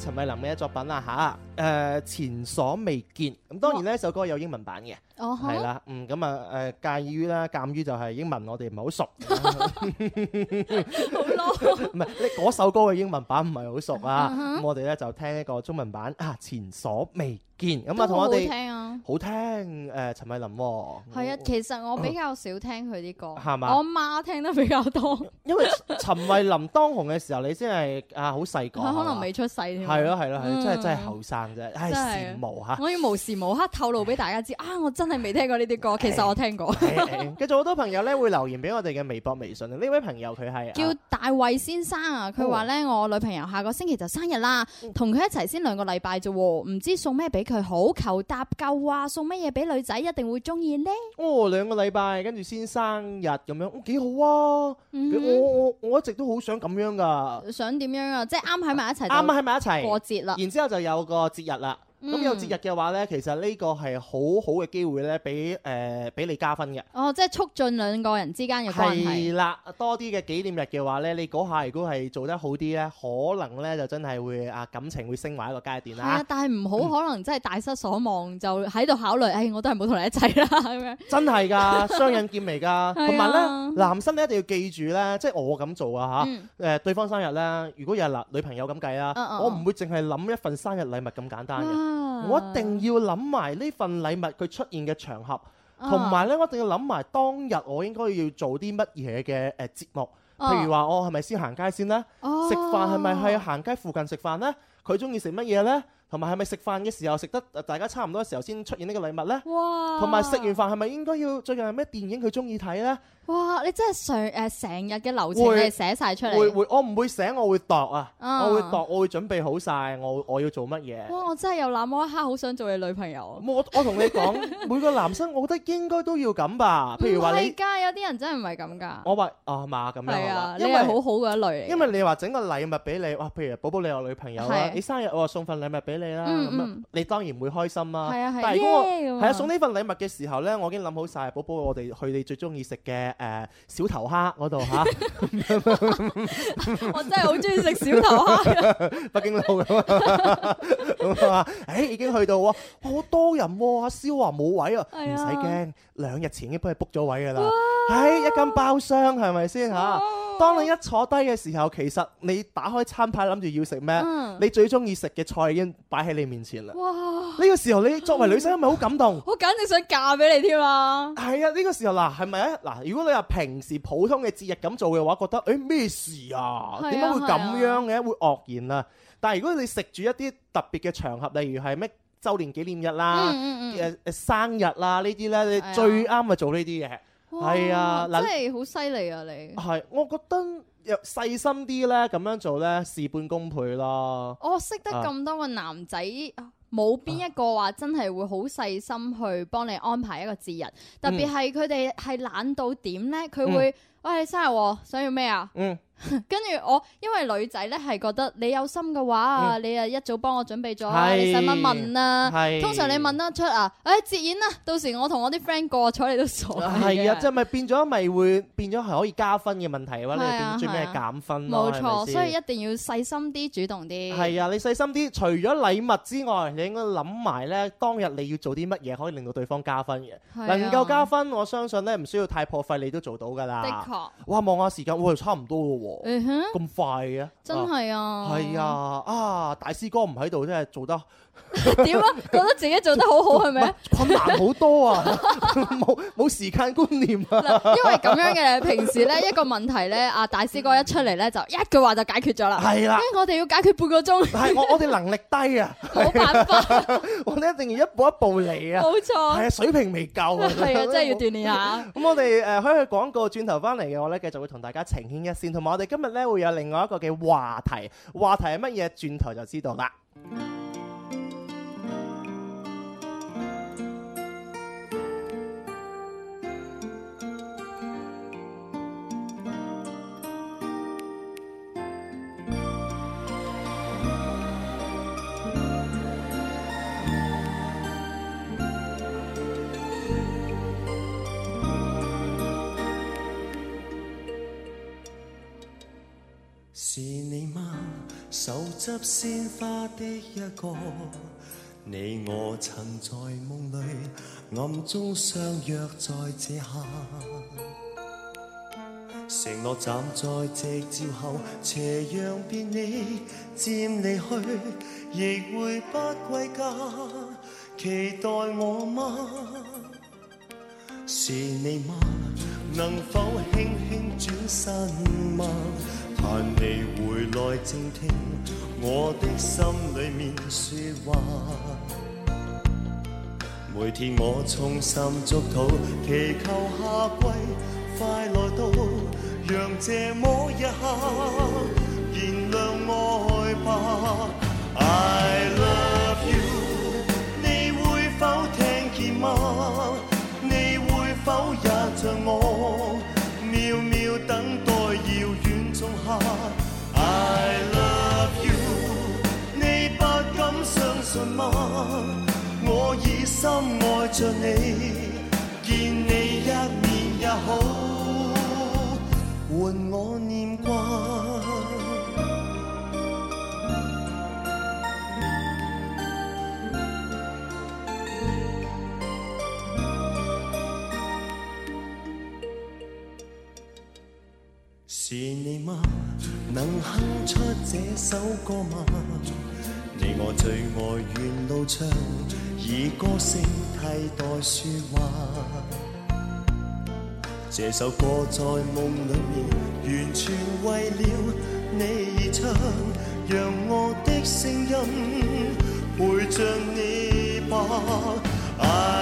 S4: 陳慧琳嘅作品啦嚇，誒、啊呃、前所未見。咁當然呢哇首歌有英文版嘅，係啦、哦哈，嗯咁啊誒，介、呃、於啦，鑑於就係英文我哋唔係好熟，好咯、唔係你嗰首歌嘅英文版唔係好熟、嗯、哼啊，咁我哋咧就聽一個中文版啊，前所未見。咁啊，同我哋好聽啊，好聽誒，陳慧琳喎。
S1: 係啊，其實我比較少聽佢啲歌，我媽聽得比較多。因為
S4: 陳慧琳當紅嘅時候，你先係啊，好細個佢可能
S1: 未出世添。係咯係咯係，真係真係後
S4: 生啫，唉，羨慕嚇。我
S1: 要無時無刻透露俾大家知啊，我真係未聽過呢啲歌，其實我聽過。
S4: 跟住好多朋友咧會留言俾我哋嘅微博微信，呢位朋友佢係叫
S1: 大衛先生啊，佢話咧我女朋友下個星期就生日啦，同佢一齊先兩個禮拜啫，唔知送咩俾佢。佢好求搭救啊！送乜嘢俾女仔一定會中意呢？
S4: 哦，兩個禮拜跟住先生日咁樣，哦，幾好啊！嗯、哼我我我一直都好想咁樣噶，
S1: 想點樣啊？即係啱喺埋一齊，啱啱喺埋一齊過節啦。然
S4: 之後就有個節日啦。咁有、嗯嗯、節日嘅話咧，其實呢個係好好嘅機會咧，俾誒俾你加分嘅。
S1: 哦，即係促進兩個人之間嘅關係。
S4: 啦，多啲嘅紀念日嘅話咧，你嗰下如果係做得好啲咧，可能咧就真係會啊感情會升華一個階段啦。嗯、但
S1: 係唔好可能真係大失所望，就喺度考慮，唉、哎，我都係冇同你一齊啦咁樣。
S4: 真係噶，雙刃劍嚟㗎。同埋咧，哎、呀男生你一定要記住咧，即係我咁做啊嚇。誒、嗯呃，對方生日咧，如果有女朋友咁計啊，嗯、我唔會淨係諗一份生日禮物咁簡單嘅。嗯啊。我一定要諗埋呢份禮物佢出現嘅場合，
S5: 同埋呢，
S4: 我一定要諗埋當日我應該要做啲乜嘢嘅誒節目，譬、呃、如話我係咪先行街先呢？哦、食飯係咪去行街附近食飯呢？佢中意食乜嘢呢？同埋係咪食飯嘅時候食得大家差唔多嘅時候先出現呢個禮物咧？哇！同埋食完飯係咪應該要最近係咩電影佢鍾意睇咧？
S1: 哇！你真係成誒成日嘅流程係寫晒出嚟。會會，
S4: 我唔會寫，我會度啊！啊我會度，我會準備好晒，我我要做乜嘢？
S1: 哇！我真係有那麼一刻好想做你女朋友、啊我。我同你講，
S4: 每個男生我覺得應該都要咁吧。譬如話你
S1: 家有啲人真係唔係咁㗎。
S4: 我話啊嘛咁樣的，
S5: 因
S1: 為
S4: 好好嘅一類。因為你話整個禮物俾你，譬如寶寶你有女朋友啦、啊，的你生日我送份禮物俾你啦，咁、嗯嗯、你當然唔會開心啦、啊。啊啊、但係如果我耶啊送呢份禮物嘅時候咧，我已經諗好晒，寶寶我哋去你最中意食嘅誒小頭蝦嗰度嚇。我真係好中意食小頭蝦北京路嘅嘛。誒、 哎、已經去到喎，好多人喎、啊，阿蕭話冇位喎、啊，唔使驚，兩日前已經幫你 book 咗位嘅啦。係哇、 哎、一間包廂係咪先嚇？是當你一坐低嘅時候，其實你打開餐牌諗住要食咩？嗯、你最中意食嘅菜已經擺喺你面前啦。呢哇個時候你作為女生係咪好感動？ 我簡直想嫁俾你添啊！係啊，呢個時候嗱，係咪啊？嗱，如果你話平時普通嘅節日咁做嘅話，覺得誒咩、欸、事啊？點解、啊、會咁樣嘅？啊啊、會愕然啊！但係如果你食住一啲特別嘅場合，例如係咩周年紀念日啦、誒、嗯嗯嗯、生日啦呢啲呢，你最啱咪做呢啲嘅。係哇啊，真係好犀利啊！你係，我覺得又細心啲呢，咁樣做呢，事半功倍啦。我、
S1: 哦、識得咁多個男仔，冇邊、啊、一個話真係會好細心去幫你安排一個節日，特別係佢哋係懶到點呢，佢、嗯、會。喂，生日，想要咩啊？嗯，跟住我，因為女仔咧係覺得你有心嘅話啊，你啊一早幫我準備咗，你使乜問啊？通常你問得出啊？誒，自然啦，到時我同我啲 friend 過彩，你都傻嘅。係啊，即係
S4: 咪變咗咪會變咗係可以加分嘅問題？或者係變咗最屘減分？冇錯，所以一
S1: 定要細心啲，主動啲。係
S4: 啊，你細心啲，除咗禮物之外，你應該諗埋咧當日你要做啲乜嘢可以令到對方加分嘅，能夠加分，我相信咧唔需要太破費，你都做到噶啦。哇！望下時間，喂，差唔多嘅喎，咁快嘅，真係
S1: 啊，係啊，
S4: 啊，大師哥唔喺度真係做得。
S1: 點啊？覺得自己做得好好係咪？困難
S4: 好多啊！冇冇時間觀念啊！因為咁樣嘅，平時咧一
S1: 個問題咧，阿大師哥一出嚟咧就一句話就解決咗啦。係啦，我哋要解決半個鐘。係我我哋能力低啊，冇辦
S4: 法，我哋一定要一步一步嚟啊。冇錯，係啊，水平未夠啊，係啊，真係
S1: 要鍛煉下。
S4: 咁我哋誒去下廣告，轉頭翻嚟嘅話咧，繼續會同大家情牽一線。同埋我哋今日咧會有另外一個嘅話題，話題係乜嘢？轉頭就知道啦。
S11: 是你嗎？手執鮮花的一個，你我曾在夢裏暗中相約在這夏。承諾站在夕照後，斜陽別你漸離去，亦會不歸家。期待我嗎？是你嗎？能否輕輕轉身嗎？盼你回來，靜聽我的心裏面說話。每天我衷心祝禱，祈求夏季快來到，讓這麼一刻燃亮愛吧。我已深愛著你，見你一面也好，喚我念掛。是你嗎？能哼出這首歌嗎？你我最愛沿路唱，以歌聲替代説話。這首歌在夢裡面，完全為了你而唱，讓我的聲音陪着你吧。啊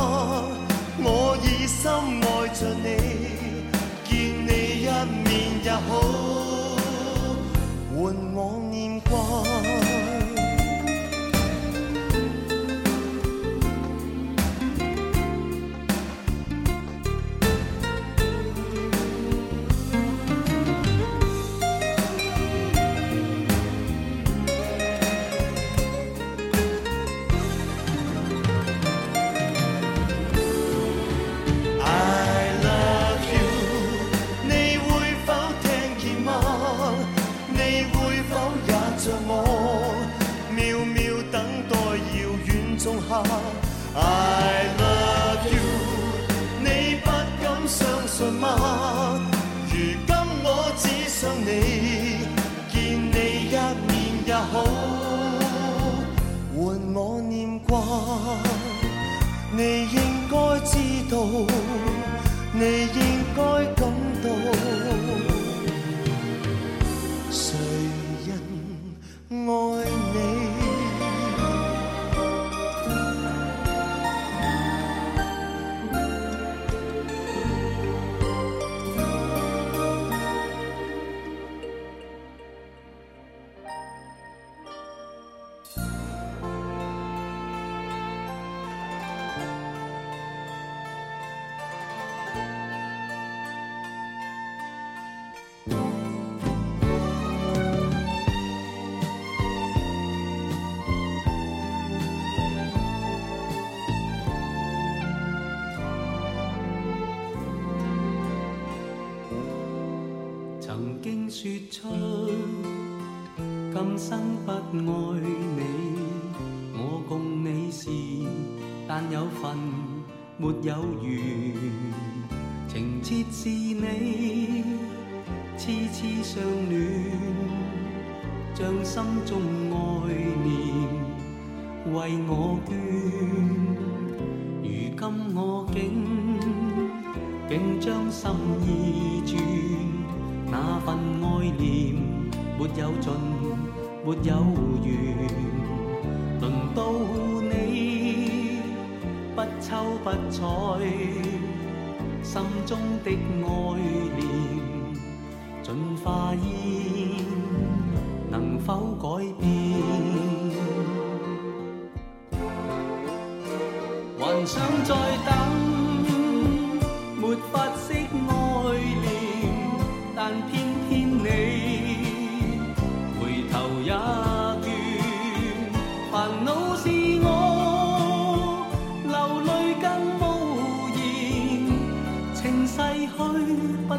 S3: 今生不愛你，我共你是但有份沒有緣。情切是你，痴痴相戀，將心中愛念為我捐。如今我竟竟將心意轉。那份愛念沒有盡，沒有完。輪到你不瞅不睬，心中的愛戀盡化煙，能否改變？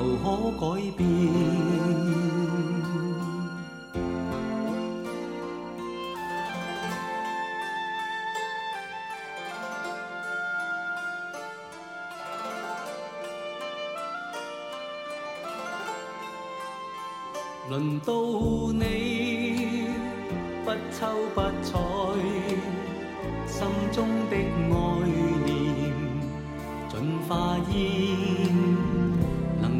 S3: 由可改變。輪到你不瞅不睬，心中的愛念盡化煙。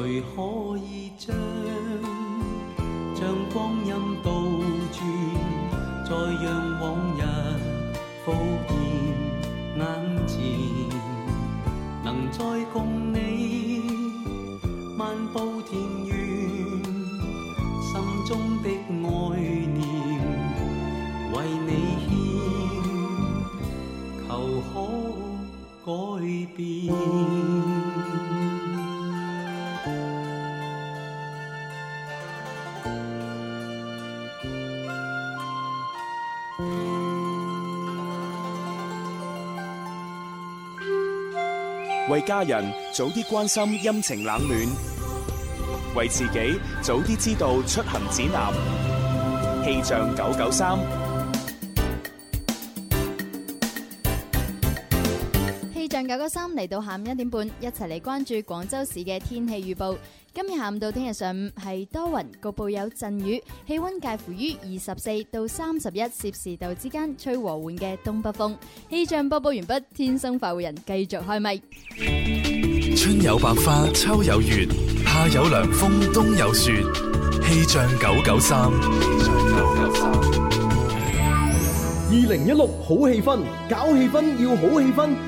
S3: 誰可以將將光陰倒轉，再讓往日浮現眼前？能再共你漫步田園，心中的愛念為你牽，求可改變。
S7: 家人早啲關心陰晴冷暖，為自己早啲知道出行指南。氣象九九三，
S5: 氣
S1: 象九九三，嚟到下午一點半，一齊嚟關注廣州市嘅天氣預報。今日下午到聽日上午係多雲，局部有陣雨，氣溫介乎於二十四到三十一攝氏度之間，吹和緩嘅東北風。氣象播報完畢，天生快活人繼續開咪。
S2: 春有百花，秋有月，夏有涼風，冬有雪。氣象九九三，氣象九
S7: 九三，二零一六好氣氛，搞氣氛要好氣氛。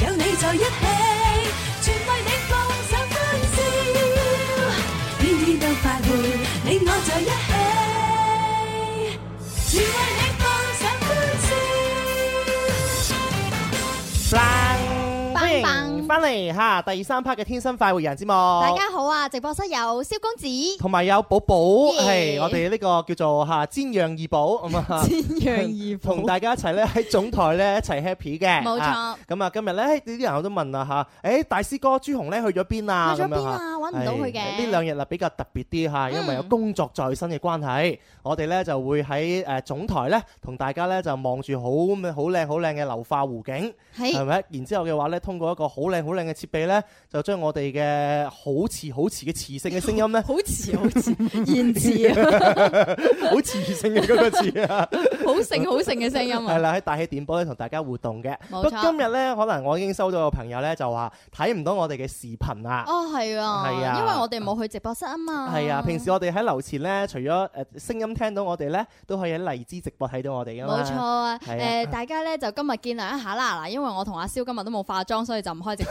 S10: 有你在一起。
S4: 翻嚟哈，第三 part 嘅天生快活人節目。大家
S1: 好啊，直播室有蕭公子，
S4: 同埋有寶寶，係我哋呢個叫做哈煎羊二寶咁啊。煎羊二寶同大家一齊咧喺總台咧一齊 happy 嘅。冇錯。咁啊，今日咧呢啲人我都問啦嚇，誒，大師哥朱紅咧去咗邊啊？去咗邊啊？揾唔到佢嘅。呢兩日啊比較特別啲嚇，因為有工作在身嘅關係，我哋咧就會喺誒總台咧同大家咧就望住好咩好靚好靚嘅流花湖景，係咪？然之後嘅話咧，通過一個好靚。好靚嘅設備咧，就將我哋嘅好似、好似嘅磁性嘅聲音咧，好似、好似、言詞，好磁性嘅嗰個詞啊，好性、好性嘅聲音啊，係啦喺大氣電波咧同大家互動嘅。冇錯。今日咧可能我已經收到個朋友咧就話睇唔到我哋嘅視頻、哦、是啊，哦
S1: 係啊，係啊，因為我哋冇去直播室嘛啊嘛，係啊，平時
S4: 我哋喺樓前咧，除咗誒聲音聽到我哋咧，都可以喺荔枝直播睇到我哋噶冇錯啊，誒是、啊呃、大
S1: 家咧就今日見諒一下啦，嗱因為我同阿蕭今日都冇化妝，所以就唔開直。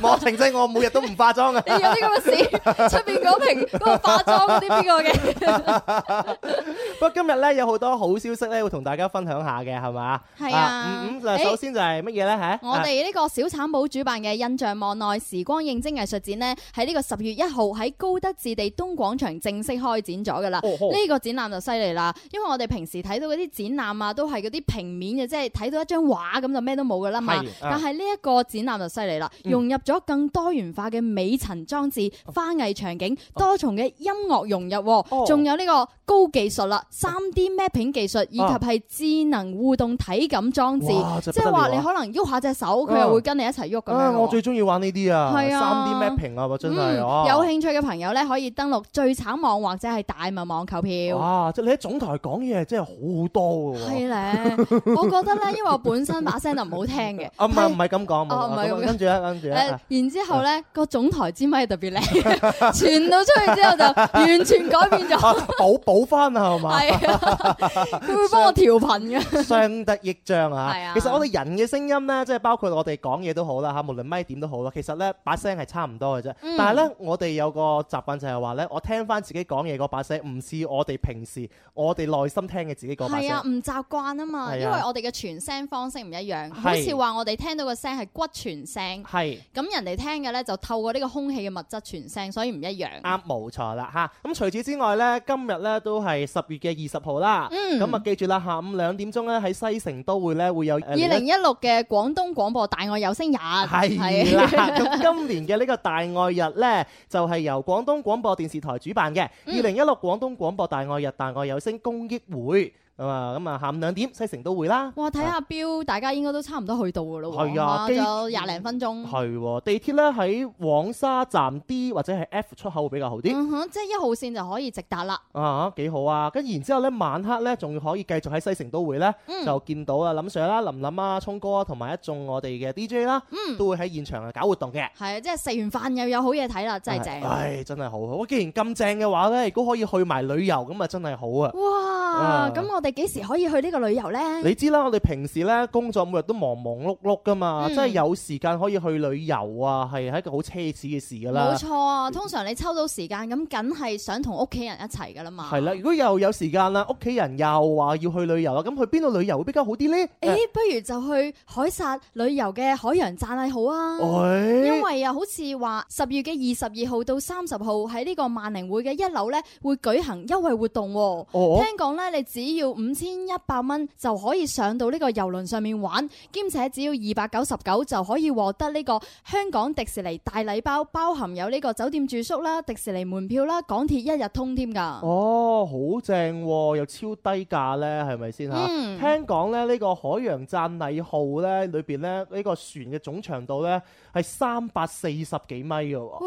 S4: 冇停滯，我每日都唔化妝嘅、啊。 你有啲咁嘅事，出面嗰瓶嗰化妝嗰啲邊個嘅？ 不過今日咧有好多好消息咧，會同大家分享下嘅，係嘛？係是啊，啊、嗯嗯。首先就係乜嘢咧？吓、欸，我哋
S1: 呢個小產保主辦嘅印象望內時光應徵藝術展咧，喺呢個十月一號，喺高德置地東廣場正式開展咗㗎啦。呢、oh, oh. 個展覽就犀利啦，因為我哋平時睇到嗰啲展覽啊，都係嗰啲平面嘅，即係睇到一張畫咁就咩都冇㗎。是啊、但係呢一個展覽就犀利啦，融入咗更多元化嘅美陳裝置、花藝場景、多重嘅音樂融入，仲有呢個高技術啦，3D mapping 技術以及係智能互動體感裝置，即係話你可能喐下隻手，佢又會跟你一齊喐咁樣。我
S4: 最中意玩呢啲啊，3D mapping 啊，真係、嗯。有
S1: 興趣嘅朋友咧，可以登錄聚橙網或者係大民網購票。哇、
S4: 啊！即係你喺總台講嘢、啊，真係好多嘅。係
S1: 咧，我覺得咧，因為我本身把聲就唔好聽。啊，唔係唔
S4: 係咁講，唔係咁，跟住咧，跟住咧，
S1: 然之後咧個總台支咪特別靚，
S4: 傳到出去之後就完全改變咗，補補翻，啊，係嘛，佢會幫我調頻嘅，相得益彰啊，係啊。其實我哋人嘅聲音咧，即係包括我哋講嘢都好啦，吓，無論咪點都好啦，其實咧把聲係差唔多嘅啫。但係咧，我哋有個習慣就係話咧，我聽翻自己講嘢個把聲，唔似我哋平時我哋內心聽嘅自己個把聲，
S1: 係啊，唔習慣啊嘛，因為我哋嘅傳聲方式唔一樣。好似話我哋聽到個聲係骨傳聲，係咁是人哋聽嘅呢就透過呢個空氣嘅物質傳聲，所以唔一樣。
S4: 啱，冇錯啦，吓。咁除此之外呢，今日呢都係十月嘅二十號啦。咁啊、嗯，記住啦，下午兩點鐘呢喺西城都會呢會有二零
S1: 一六嘅廣東廣播大愛有聲日，係啦。
S4: 咁是 今年嘅呢個大愛日呢，就係由廣東廣播電視台主辦嘅二零一六廣東廣播大愛日大愛有聲公益會。啊咁啊下午兩點西城都會啦。哇，睇下
S1: 表，大家應該都差唔多去到噶咯。係啊，仲有廿零分鐘、嗯。
S4: 係、啊，地鐵咧喺黃沙站 D 或者係 F 出口會比較好啲、
S1: 嗯。即係一號線就可以直達啦。
S4: 啊，幾好啊！跟然之後咧，晚黑咧仲可以繼續喺西城都會咧、嗯、就見到啊林 Sir 啦、林琳啊、聰哥啊，同埋一眾我哋嘅 DJ 啦、嗯，都會喺現場搞活動嘅。
S1: 係啊、嗯，即係食完飯又有好嘢睇啦，真係正、啊嗯！唉，
S4: 真係好！我既然咁正嘅話咧，如果可以去埋旅遊咁啊，真係好啊。哇，咁我。
S1: 我哋幾時可以去呢個旅遊呢？你
S4: 知啦，我哋平時咧工作每日都忙忙碌碌噶嘛，即係、嗯、有時間可以去旅遊啊，係係一個好奢侈嘅事噶啦。冇錯啊，
S1: 通常你抽到時間咁，梗係、呃、想同屋企人一齊噶啦嘛。係
S4: 啦，如果又有時間啦，屋企人又話要去旅遊啦，咁去邊度旅遊會比較好啲呢？誒、呃欸，
S1: 不如就去海薩旅遊嘅海洋站係、啊、好啊，
S4: 欸、因
S1: 為啊，好似話十月嘅二十二號到三十號喺呢個萬寧會嘅一樓咧，會舉行優惠活動、啊。哦，聽講咧，你只要五千一百蚊就可以上到呢個遊輪上面玩，兼且只要二百九十九就可以獲得呢個香港迪士尼大禮包，包含有呢個酒店住宿啦、迪士尼門票啦、港鐵一日通添噶。
S4: 哦，好正、啊，又超低價呢，係咪先吓？嗯、聽講咧，呢個海洋讚禮號呢裡邊呢，呢個船嘅總長度呢係三百四十幾米嘅。哇！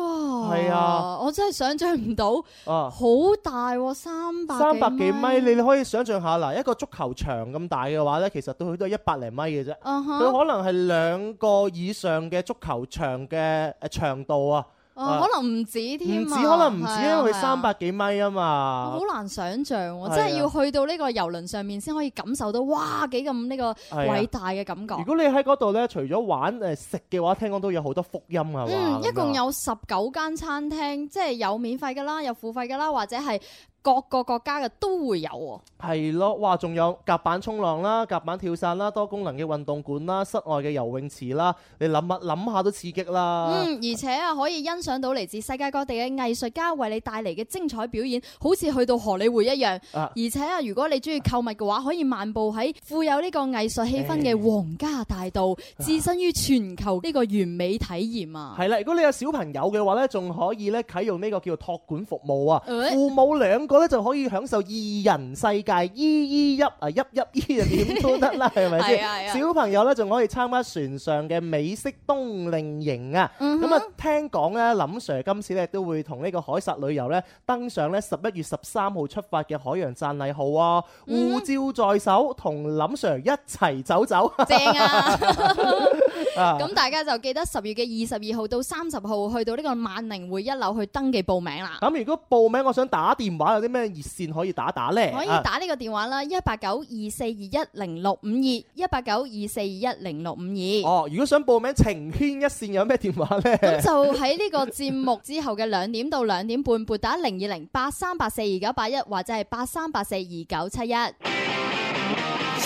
S4: 係啊，
S1: 我真係想象唔到，
S4: 啊，好
S1: 大，三百三百幾米，
S4: 你你可以想象下。嗱，一個足球場咁大嘅話呢，其實都好似都係一百零米嘅啫。佢、uh huh. 可能係兩個以上嘅足球場嘅長度啊。Uh, 可能
S1: 唔止添、啊。唔止，可能唔止、啊，啊啊、因為三百
S4: 幾米啊嘛。好
S1: 難想像、
S4: 啊，真係要去
S1: 到呢個遊輪上面先可以感受到，哇！幾咁呢個偉大嘅感覺、啊。如
S4: 果你喺嗰度呢，除咗玩誒食嘅話，聽講都有好多福音啊。嗯，一共有
S1: 十九間餐廳，即係有免費㗎啦，有付費㗎啦，或者係。各個國家嘅都會有、
S4: 啊，係咯，哇，仲有甲板衝浪啦、甲板跳傘啦、多功能嘅運動館啦、室外嘅游泳池啦，你諗下諗下都刺激啦。嗯，
S1: 而且啊，可以欣賞到嚟自世界各地嘅藝術家為你帶嚟嘅精彩表演，好似去到荷里活一樣。啊、而且啊，啊如果你中意購物嘅話，可以漫步喺富有呢個藝術氣氛嘅皇家
S4: 大道，置、哎、身於全球呢個完美體驗啊！係啦，如果你有小朋友嘅話呢仲可以咧啟用呢個叫做託管服務啊，父母兩個。就可以享受二人世界，依依入啊，入入依就點都得啦，係咪先？是是 啊啊、小朋友咧仲可以參加船上嘅美式冬令營啊！咁啊、嗯哼，聽講咧，林 Sir 今次咧都會同呢個海殺旅遊咧登上咧十一月十三號出發嘅海洋讚禮號啊！護照在手，同林 Sir 一齊走走。正啊.！ 咁
S1: 大家就記得十月嘅二十二號到三十號去到呢個萬寧會一樓去登記報名啦。
S4: 咁如果報名，我想打電話有啲咩熱線可以打打呢？可以打呢
S1: 個電話啦，一八九二四二一零六五二，一八九二四二一
S4: 零六五二。2，哦，如果想報名情牽一線有咩電話呢？咁就
S1: 喺呢個節目之後嘅兩點到兩點半 撥打零二零八三八四二九八一或者係八三八四二九七一。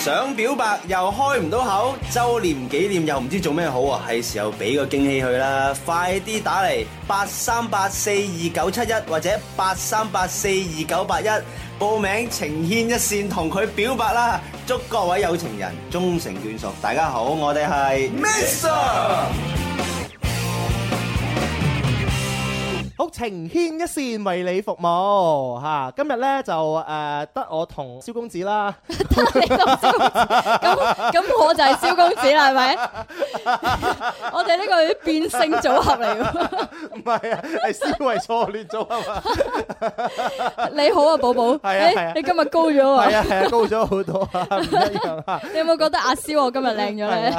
S3: 想表白又開唔到口，周年紀念又唔知做咩好啊！係 時候俾個驚喜佢啦， 快啲打嚟八三八四二九七一或者八三八四二九八一報名情牽一線，同佢表白啦！祝各位有情人終成眷屬！大家好，我哋係。
S4: 好，情牽一線為你服務，吓今日咧就誒得我同蕭公子啦，得
S1: 你，咁我就係蕭公子啦，係咪？我哋呢個啲變性組合嚟噶，
S6: 唔係啊，係思維錯亂組合。啊。
S1: 你好啊，寶寶，你你今
S4: 日高咗啊？係啊，高咗好多
S1: 啊！你有冇覺得阿蕭我今日靚咗咧？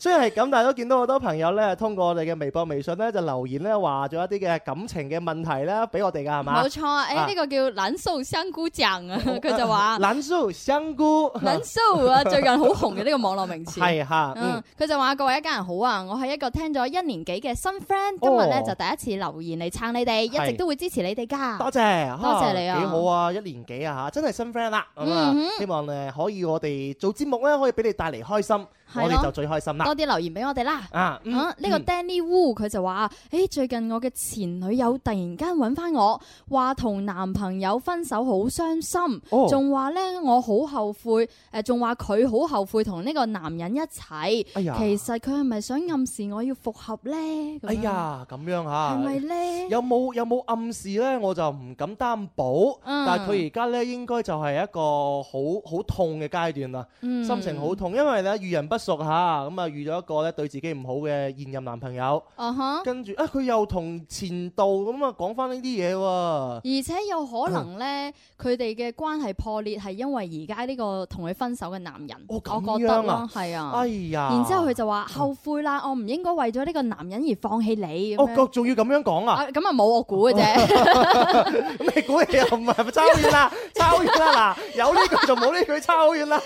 S4: 雖然係咁，但係都見到好多朋友咧，通過我哋嘅微博、微信咧，就留言咧話咗一啲嘅感情。嘅問題啦，俾我哋噶係嘛？冇錯啊！誒呢
S1: 個叫藍瘦香菇醬，
S4: 佢就話藍瘦香菇，藍瘦啊，最近好紅嘅呢個網絡名詞係嚇。嗯，
S1: 佢就話各位一家人好啊，我係一個聽咗一年幾嘅新 friend，今日咧就第一次留言嚟撐你哋，一直都會支持你哋噶。多謝，多謝你啊！幾好
S4: 啊，一年幾啊嚇，真係新 friend 啦。希望誒可以我哋做節目咧，可以俾你帶嚟開心。我哋就最開心啦！多啲留言俾我哋啦！啊，呢、嗯啊呢個 Danny Wu 佢就話：誒、欸、最近我嘅前
S1: 女友突然間揾翻我，話同男朋友分手好傷心，仲話咧我好後悔，誒仲話佢好後悔同呢個男人一齊。哎呀，其實佢係咪想暗示我要復合咧？哎呀，
S4: 咁樣吓，係咪咧？有冇有冇暗示咧？我就唔敢擔保。嗯、但係佢而家咧應該就係一個好好痛嘅階段啦，心情好痛，因為咧遇人不。熟下咁啊，遇到一個咧對自己唔好嘅現任男朋友，跟住啊，佢又同前度咁啊講翻呢啲嘢喎。而
S1: 且有可能咧，佢哋嘅關係破裂係因為而家呢個同佢分手嘅男人，我覺得咯，係啊。哎呀，嗯啊啊、here, 哎呀然之後佢就話後悔啦、嗯，我唔應該為咗呢個男人而放棄你。我仲、哦、要咁樣講啊？
S4: 咁啊冇我估嘅啫。咁你估嘢又唔係咪差好遠啦？差好遠啦嗱，有呢句就冇呢句差好遠啦。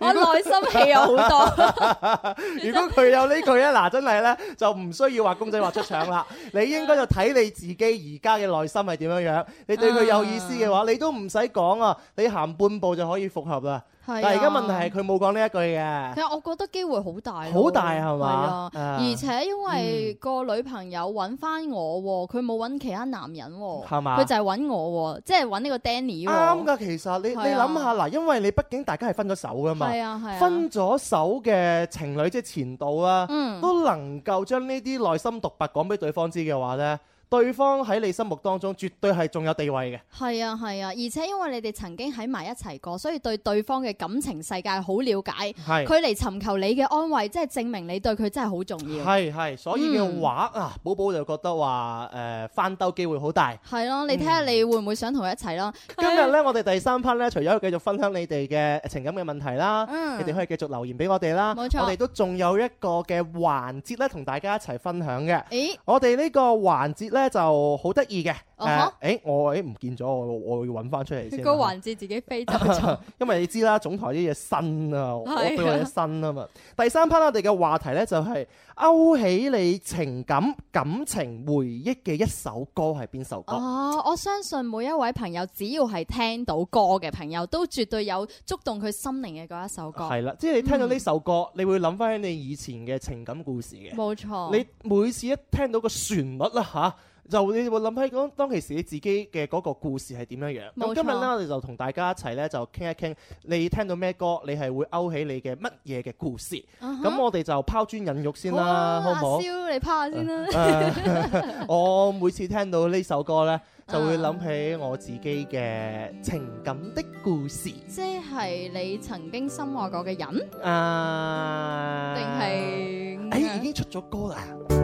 S4: 我內心戲有好多。 如果佢有呢句啊，嗱真係咧，就唔需要畫公仔畫出腸啦。 你應該就睇你自己而家嘅內心係點樣樣。你對佢有意思嘅話，你都唔使講啊，你行半步就可以復合啦。
S1: 啊、但而家問題係佢
S4: 冇講呢一句嘅。其實
S1: 我覺得機會好大。
S4: 好大係咪？啊，啊而
S1: 且因為個女朋友揾翻我，佢冇揾其他男人，係嘛吧？佢就係揾我，即係揾呢個 Danny。啱
S4: 㗎，其實你、啊、你諗下嗱，因為你畢竟大家係分咗手㗎嘛，啊啊啊、分咗手嘅情侶即係前度啦、啊，嗯、都能夠將呢啲內心獨白講俾對方知嘅話呢。對方喺你心目當中絕對係仲有地位嘅，
S1: 係啊係啊，而且因為你哋曾經喺埋一齊過，所以對對方嘅感情世界好了解。係佢嚟尋求你嘅安慰，即係證明你對佢真係好重要。係
S4: 係，所以嘅話啊，嗯、寶寶就覺得話誒、呃、翻兜機會好大。
S1: 係咯、啊，你睇下你會唔會想同佢一齊咯？嗯、今日
S4: 咧，我哋第三 part 咧，除咗繼續分享你哋嘅情感嘅問題啦，嗯、你哋可以繼續留言俾我哋啦。冇錯，我哋都仲有一個嘅環節咧，同大家一齊分享嘅。誒咦，我哋呢個環節咧。就好得意嘅，誒、啊哈啊欸，我誒唔、欸、見咗，我我要搵翻出嚟先。個環節自己飛走， 因為你知啦，總台啲嘢新啊，是的 我對我哋新啊嘛。第三 part 我哋嘅話題呢、就是，就係勾起你情感、感情回憶嘅一首歌係邊首歌？哦、啊，
S1: 我相信每一位朋友只要係聽到歌嘅朋友，都絕對有觸動佢心靈嘅嗰一首歌。係啦，即係你聽到呢
S4: 首歌，嗯、你會諗翻起你以前嘅情感故事嘅。冇錯。你每次一聽到一個旋律啦，吓、啊。就你會諗起講，當其時你自己嘅嗰個故事係點樣樣？沒錯 今日咧，我哋就同大家一齊咧，就傾一傾你聽到咩歌，你係會勾起你嘅乜嘢嘅故事？咁、uh huh、我哋就拋磚引玉先啦，uh huh、好唔好？
S1: 阿、啊啊、你拋下先啦、啊。
S4: 啊、 我每次聽到呢首歌咧，就會諗起我自己嘅情感的故事。
S1: Uh huh、即係你曾經深愛過嘅人
S4: 啊？定係、
S10: uh？Huh、哎，已經出咗歌啦。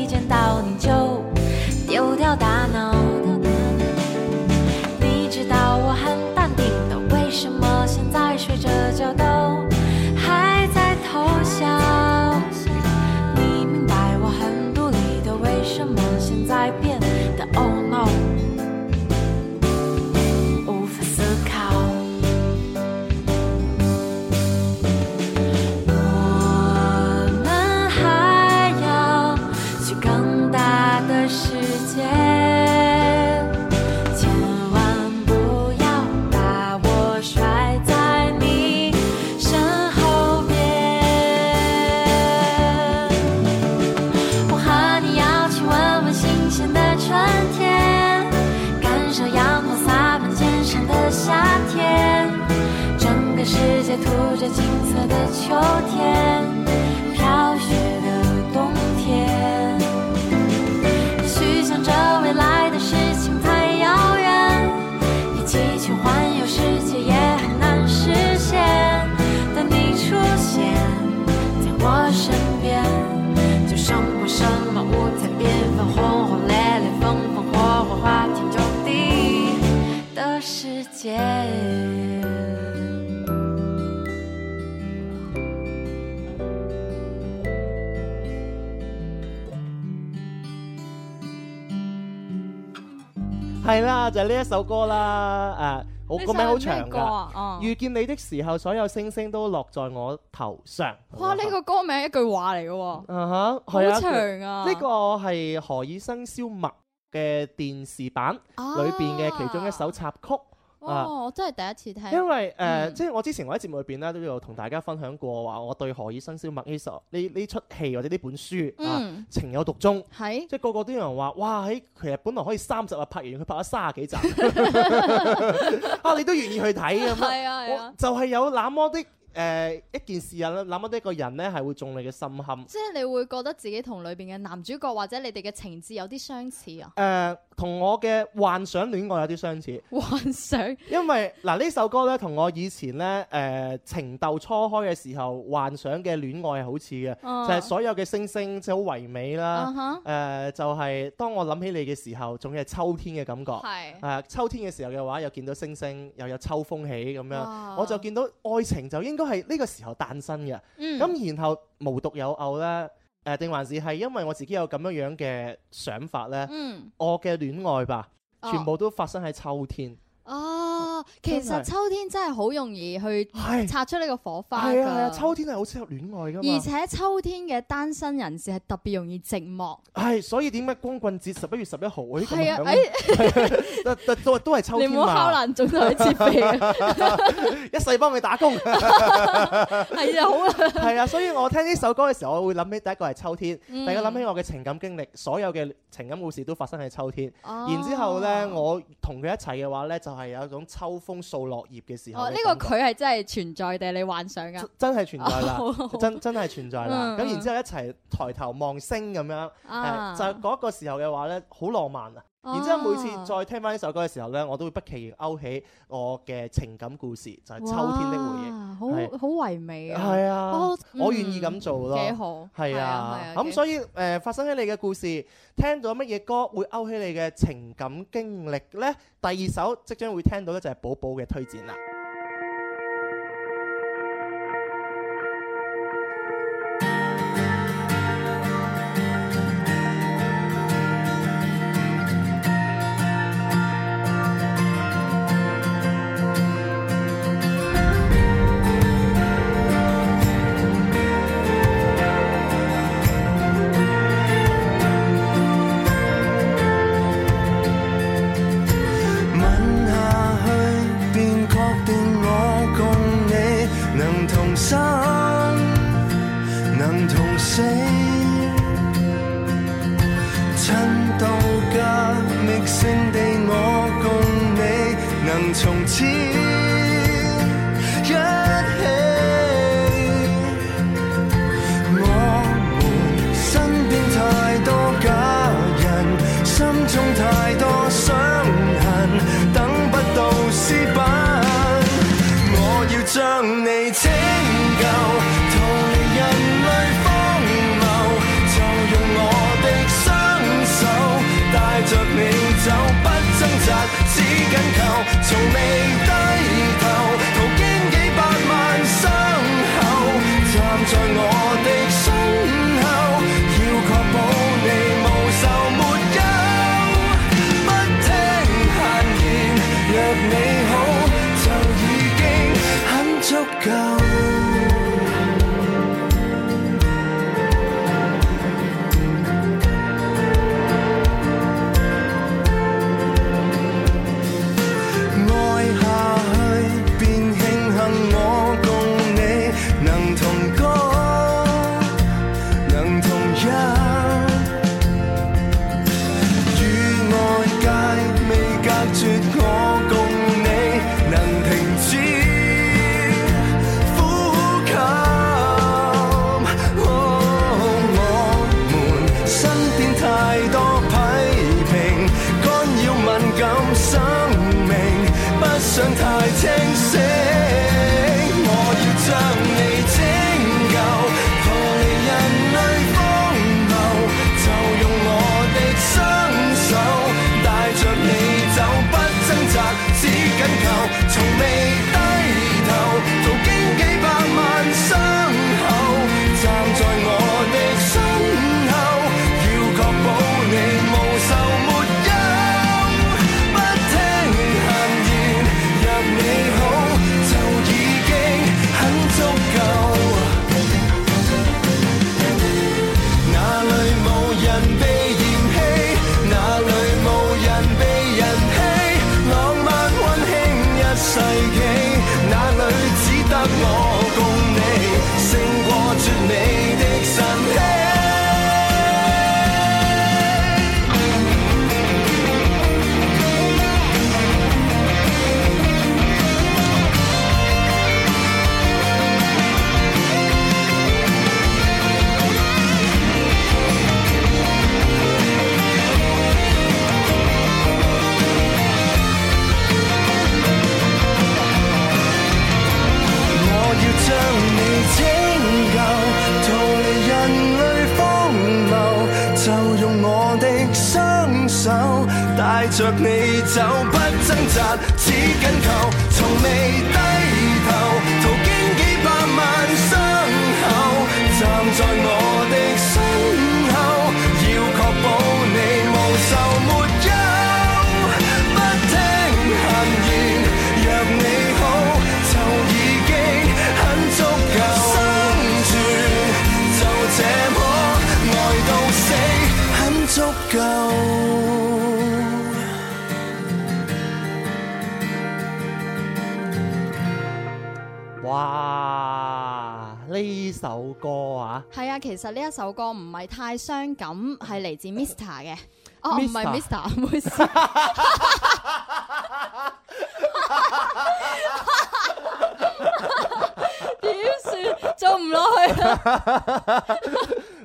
S4: 就係呢一首歌啦，誒、啊，我個名好長噶，啊《遇、嗯、見你的時候》，所有星星都落在我頭上。
S1: 哇！呢個、嗯、哇歌名一句話嚟嘅
S4: 喎，好、uh huh, 長啊！呢、啊這個係、這個、《何以笙簫默》嘅電視版、啊、裏邊嘅其中一首插曲。哦，我
S1: 真係第一
S5: 次聽。因為
S4: 誒，呃嗯、即係我之前喺節目裏邊咧，都有同大家分享過話，我對《何以笙簫默》呢首呢呢出戲或者呢本書、嗯、啊情有獨鍾。係是。即係個個都有人話，哇！喺其實本來可以三十日拍完，佢拍咗三十幾集。 啊！你都願意去睇 樣啊？係啊係啊！就係有那麼的誒、呃、一件事啊，咧，那麼啲一個人咧係會中你嘅心坎。即係、
S1: 嗯、你會覺得自己同裏邊嘅男主角或者你哋嘅情節有啲相似啊？
S4: 誒。呃同我嘅幻想戀愛有啲相似， 幻想，因為嗱呢首歌呢，同我以前呢誒、呃、情竇初開嘅時候幻想嘅戀愛係好似嘅、啊，就係所有嘅星星即係好唯美啦，誒、啊哈呃、就係、是、當我諗起你嘅時候，仲係秋天嘅感覺，係是、啊，秋天嘅時候嘅話又見到星星，又有秋風起咁樣，啊、我就見到愛情就應該係呢個時候誕生嘅，咁、嗯嗯、然後，然後無獨有偶呢。呢定還是係因為我自己有咁樣樣嘅想法呢？嗯、我嘅戀愛吧，哦、全部都發生喺秋天。
S5: 哦哦、其實
S4: 秋
S1: 天真係好容易去係擦出呢個火花噶，係啊，秋
S4: 天係好適合戀愛噶。而且
S1: 秋天嘅單身人士係特別容易寂寞。
S4: 係、哎，所以點解光棍節十一月十一號？係、哎、啊、哎， 都都係秋天。你唔好敲爛總台設備啊！ 一世幫佢打工。
S5: 係啊，好。係
S4: 啊，所以我聽呢首歌嘅時候，我會諗起第一個係秋天，嗯、第二諗起我嘅情感經歷，所有嘅情感故事都發生喺秋天。哦、然之後咧，我同佢一齊嘅話咧，就係、是、有一種秋。秋風掃落葉嘅時候、啊，呢、呢個佢係
S1: 真係存在定係你幻想㗎？ 真係存在
S4: 啦，真真係存在啦。咁然之後，後一齊抬頭望星咁樣，啊嗯、就嗰個時候嘅話咧，好浪漫啊！然之後每次再聽翻呢首歌嘅時候呢，我都會不期然勾起我嘅情感故事，就係、是、秋天的回憶，哇是好
S1: 好唯美啊！係啊，嗯、我願意咁做咯，
S4: 係好啊，咁所以誒、呃、發生喺你嘅故事，聽咗乜嘢歌會勾起你嘅情感經歷呢？第二首即將會聽到嘅就係寶寶嘅推薦啦。
S1: Oh, Mister? m i s t 嘅，哦唔係 Mister，
S5: 唔好意思， 點算做唔落去啊？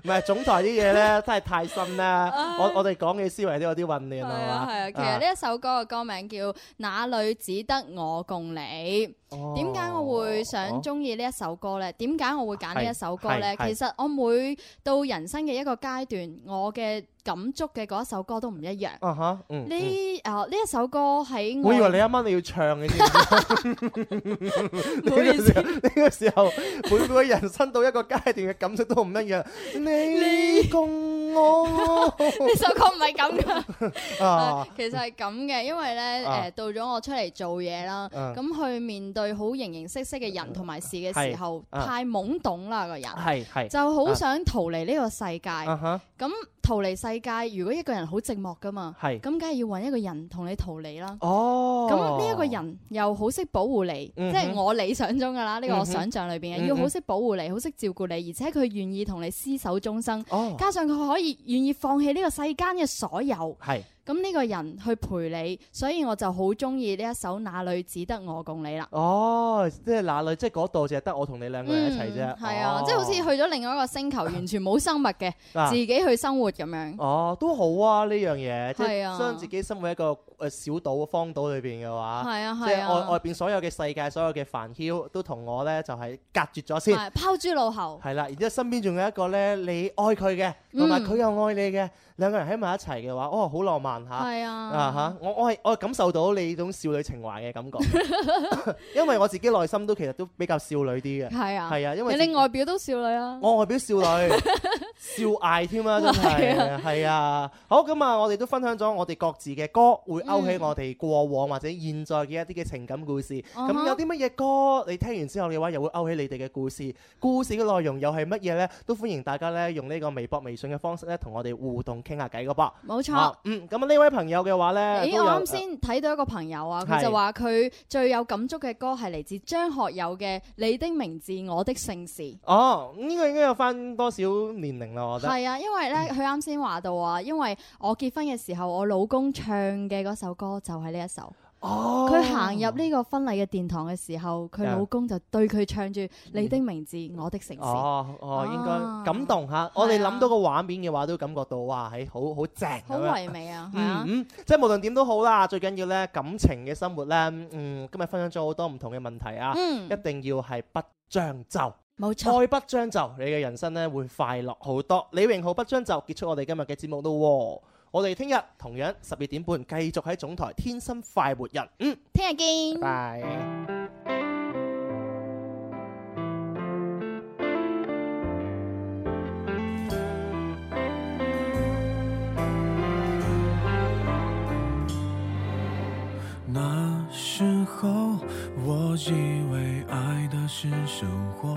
S4: 唔係總裁啲嘢咧，真係太深啦。我我哋講嘅思維都有啲混亂啊。係啊，係啊。其實呢一
S1: 首歌嘅歌名叫哪裏只得我共你。點解我會想中意呢一首歌咧？點解我會揀呢一首歌咧？其實我每到人生嘅一個階段，我嘅感觸嘅嗰一首歌都唔一樣。啊哈，嗯。呢誒呢一首歌喺我，我以為你啱
S4: 啱你要唱嘅添。呢個時候，每個人生到一個階段嘅感觸都唔一樣。你共我呢首歌
S1: 唔係咁噶。
S5: 啊，其實係
S1: 咁嘅，因為咧誒，到咗我出嚟做嘢啦，咁去面對。最好形形色色嘅人同埋事嘅時候，是太懵懂啦個人，
S5: 就好想
S1: 逃離呢個世界。咁、啊、逃離世界，如果一個人好寂寞噶嘛，咁梗係要揾一個人同你逃離啦。哦，咁呢一個人又好識保護你，嗯、哼即係我理想中噶啦，呢、這個我想象裏邊嘅，嗯、哼要好識保護你，好識照顧你，而且佢願意同你廝守終生，哦、加上佢可以願意放棄呢個世間嘅所有。哦哦。咁呢個人去陪你，所以我就好中意呢一首《那裏只得我共你》啦。
S4: 哦，即係那裏，即係嗰度就係得我同你兩個人一齊啫。係、嗯、啊，哦、即係好似
S1: 去咗另外一個星球，啊、完全冇生物嘅，啊、自己去生活咁樣。
S4: 哦、啊，都好啊，呢樣嘢，啊、即係將自己生活一個小島、荒島裏邊嘅話，啊啊、即係外、啊、外邊所有嘅世界、所有嘅煩囂都同我呢，就係、是、隔絕咗先，啊、
S1: 拋諸腦後。
S4: 係啦、啊，然之後身邊仲有一個呢，你愛佢嘅，同埋佢又愛你嘅。嗯兩個人喺埋一齊嘅話，哦，好浪漫嚇！係啊，啊嚇，我我係我係感受到你種少女情懷嘅感覺，
S5: 因
S4: 為我自己內心都其實都比較少女啲嘅。係啊，係啊，因為你
S1: 外表都少女啊，
S4: 我外表少女，少 艾添啦，真係係啊，啊。好咁啊，我哋都分享咗我哋各自嘅歌，會勾起我哋過往、嗯、或者現在嘅一啲嘅情感故事。咁、嗯、哼有啲乜嘢歌你聽完之後嘅話，又會勾起你哋嘅故事？故事嘅內容又係乜嘢呢？都歡迎大家咧，用呢個微博、微信嘅方式咧，同我哋互動。傾下偈個啵，冇錯、啊。嗯，咁呢位朋友嘅話呢，咦、欸、有我啱先
S1: 睇到一個朋友啊，佢是就話佢最有感觸嘅歌係嚟自張學友嘅《你的名字，我的姓氏》。
S4: 哦，呢、這個應該有翻多少年齡啦？我覺得係啊，
S1: 因為呢，佢啱先話到啊，因為我結婚嘅時候，我老公唱嘅嗰首歌就係呢一首。哦，佢行入呢個婚禮嘅殿堂嘅時候，佢老公就對佢唱住你的名字，嗯、我的城市。哦哦，應該
S4: 感動吓。啊、我哋諗到個畫面嘅話，都感覺到哇，係好好正，好唯美啊。嗯、啊、即係無論點都好啦，最緊要呢感情嘅生活呢。嗯，今日分享咗好多唔同嘅問題啊，嗯、一定要係不將就，冇錯，愛不將就，你嘅人生呢會快樂好多。李榮浩不將就，結束我哋今日嘅節目咯。我哋聽日同樣十二點半繼續喺總台《天生快活人》，嗯，
S1: 聽日見，
S4: 拜
S2: 拜。那時候我以為愛的是生活。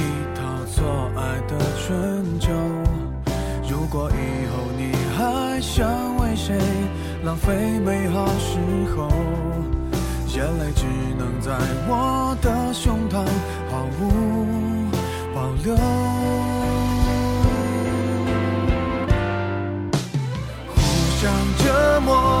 S2: 非美好時候，眼淚只能在我的胸膛毫無保留，互相
S8: 折磨。